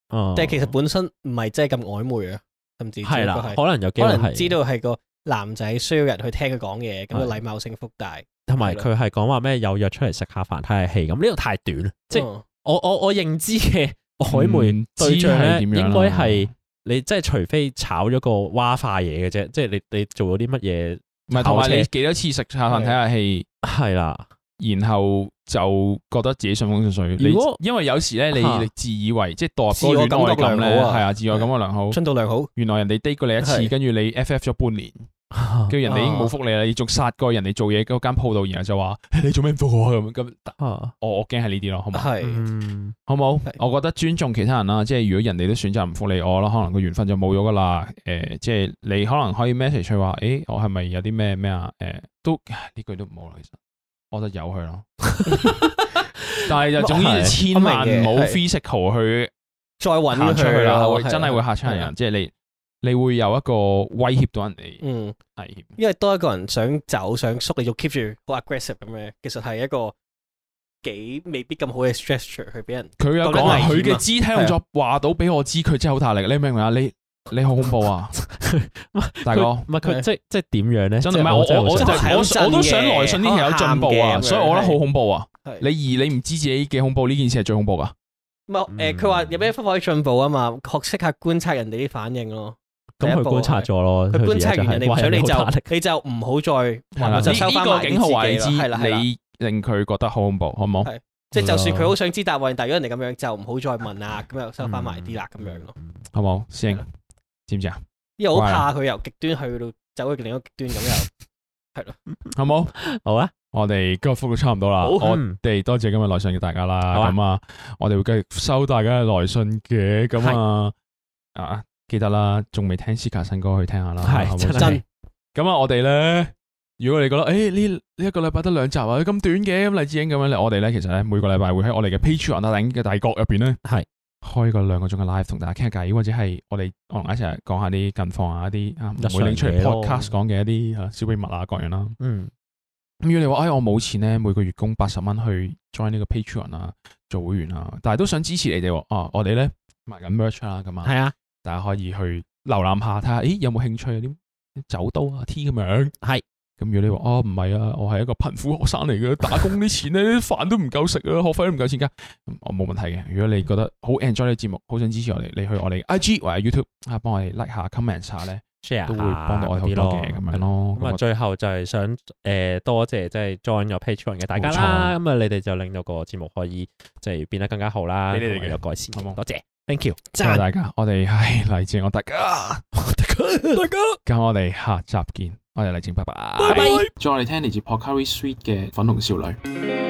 哦，但係其實本身唔係真係咁曖昧啊，甚至係啦，可能有，可能知道係個。男仔需要人去聽佢講嘢，咁、那個禮貌性福大。同埋佢係講話咩？有，有約出嚟食下飯睇下戲咁，呢度太短。嗯、即係我我我認知嘅曖昧對象係點樣應該係你即係除非炒咗個蛙化嘢嘅啫。是即係你你做咗啲乜嘢？唔係同埋你幾多次食下飯睇下戲？係啦，然後就覺得自己順風順水。如果你因為有時咧，啊、你自以為即係自我感覺良好啊，啊，自我感覺良好，進度良好。原來人哋 date 過你一次，跟住你 ff 咗半年。叫人哋已經冇覆你啦，你仲殺過人哋做嘢嗰間鋪度，然後就話你做咩唔覆我咁，咁我我驚係呢啲咯，好唔是、嗯、好，好？係是，好唔好？我覺得尊重其他人啦，即係如果人哋都選擇唔覆你我咯，可能個緣分就冇咗噶啦。誒、呃，即係你可能可以 message 佢話，誒、欸，我係咪有啲咩咩啊？誒、呃，都呢句都唔好啦，其實我就由佢咯。 但係就總之，千萬唔好 physical 去再搵佢、啊、啦，啊啊、真係會嚇親人，啊、即係你。你會有一個威脅到人哋，嗯，危險。因為多一個人想走、想縮，你要 keep 住好 aggressive 咁樣，其實係一個幾未必咁好嘅 structure 去俾人。佢有講佢嘅肢體動作話到俾我知，佢真係好大力。你明唔明啊？你你好恐怖啊，大哥。唔係佢即係即係點樣咧？真係我我我都想來信啲人有進步啊，所以我覺得好恐怖啊。你而你唔知自己幾恐怖，呢件事係最恐怖噶。唔係佢話有咩方法可以進步啊嘛？學識下觀察人哋啲反應咯。咁佢觀察咗咯，佢觀察完，哋，所以你就你就唔好再問啦。收呢個警號位之係啦，係令佢覺得好恐怖，好唔好？冇？即係就算佢好想知答案，但如果人哋咁樣，就唔好再問啊。咁又收翻埋啲啦，咁樣咯，好唔好？先，知唔知啊？又好怕佢由極端去到走去另一極端咁又係咯，好唔好好啊！我哋今日覆到差唔多啦，我哋多謝今日來信嘅大家啦。咁啊，我哋會繼續收大家嘅來信嘅。咁啊啊！記得啦，仲未聽斯卡新歌，去聽下啦。係是吧真咁啊！我哋咧，如果你覺得誒呢呢一個禮拜得兩集啊，咁短嘅咁黎智英咁樣咧，我哋咧其實咧每個禮拜會喺我哋嘅 Patreon 啊頂嘅帝國入邊咧，係是開個兩個鐘嘅 live 同大家傾下偈，或者係我哋我同一齊講一下啲近況啊，一啲啊唔會拎出嚟 podcast 講嘅一啲小秘密啊各樣啦。嗯，咁如果你話誒、哎、我冇錢咧，每個月供八十蚊去 join 呢個 Patreon 啊，做會員啊，但係都想支持你哋，啊，啊我哋咧埋緊 merch 啦，咁啊係啊。大家可以去瀏覽下睇下，咦，有冇興趣啲走刀啊 T 咁樣，係。咁如果你話哦，唔係啊，我係一個貧苦學生嚟嘅，打工啲錢咧，啲飯都唔夠食啊，學費都唔夠錢㗎。我冇問題嘅，如果你覺得好 enjoy 呢個節目，好想支持我哋，你去我哋 IG 或者 YouTube 啊，幫我哋 like 下 comment 下咧，share 都會幫到我好多嘅咁樣咯。咁啊，最後就係想誒多謝即係 join 咗 Patreon 嘅大家啦。咁啊，你哋就令到個節目可以即係變得更加好啦，有改善。多 Thank you，< 讚 S 2> 謝謝大家。我哋係嚟自我大家，大家，咁 我哋下集見，我哋嚟自，拜拜，再嚟聽嚟自《Pocari Sweet》嘅粉紅少女。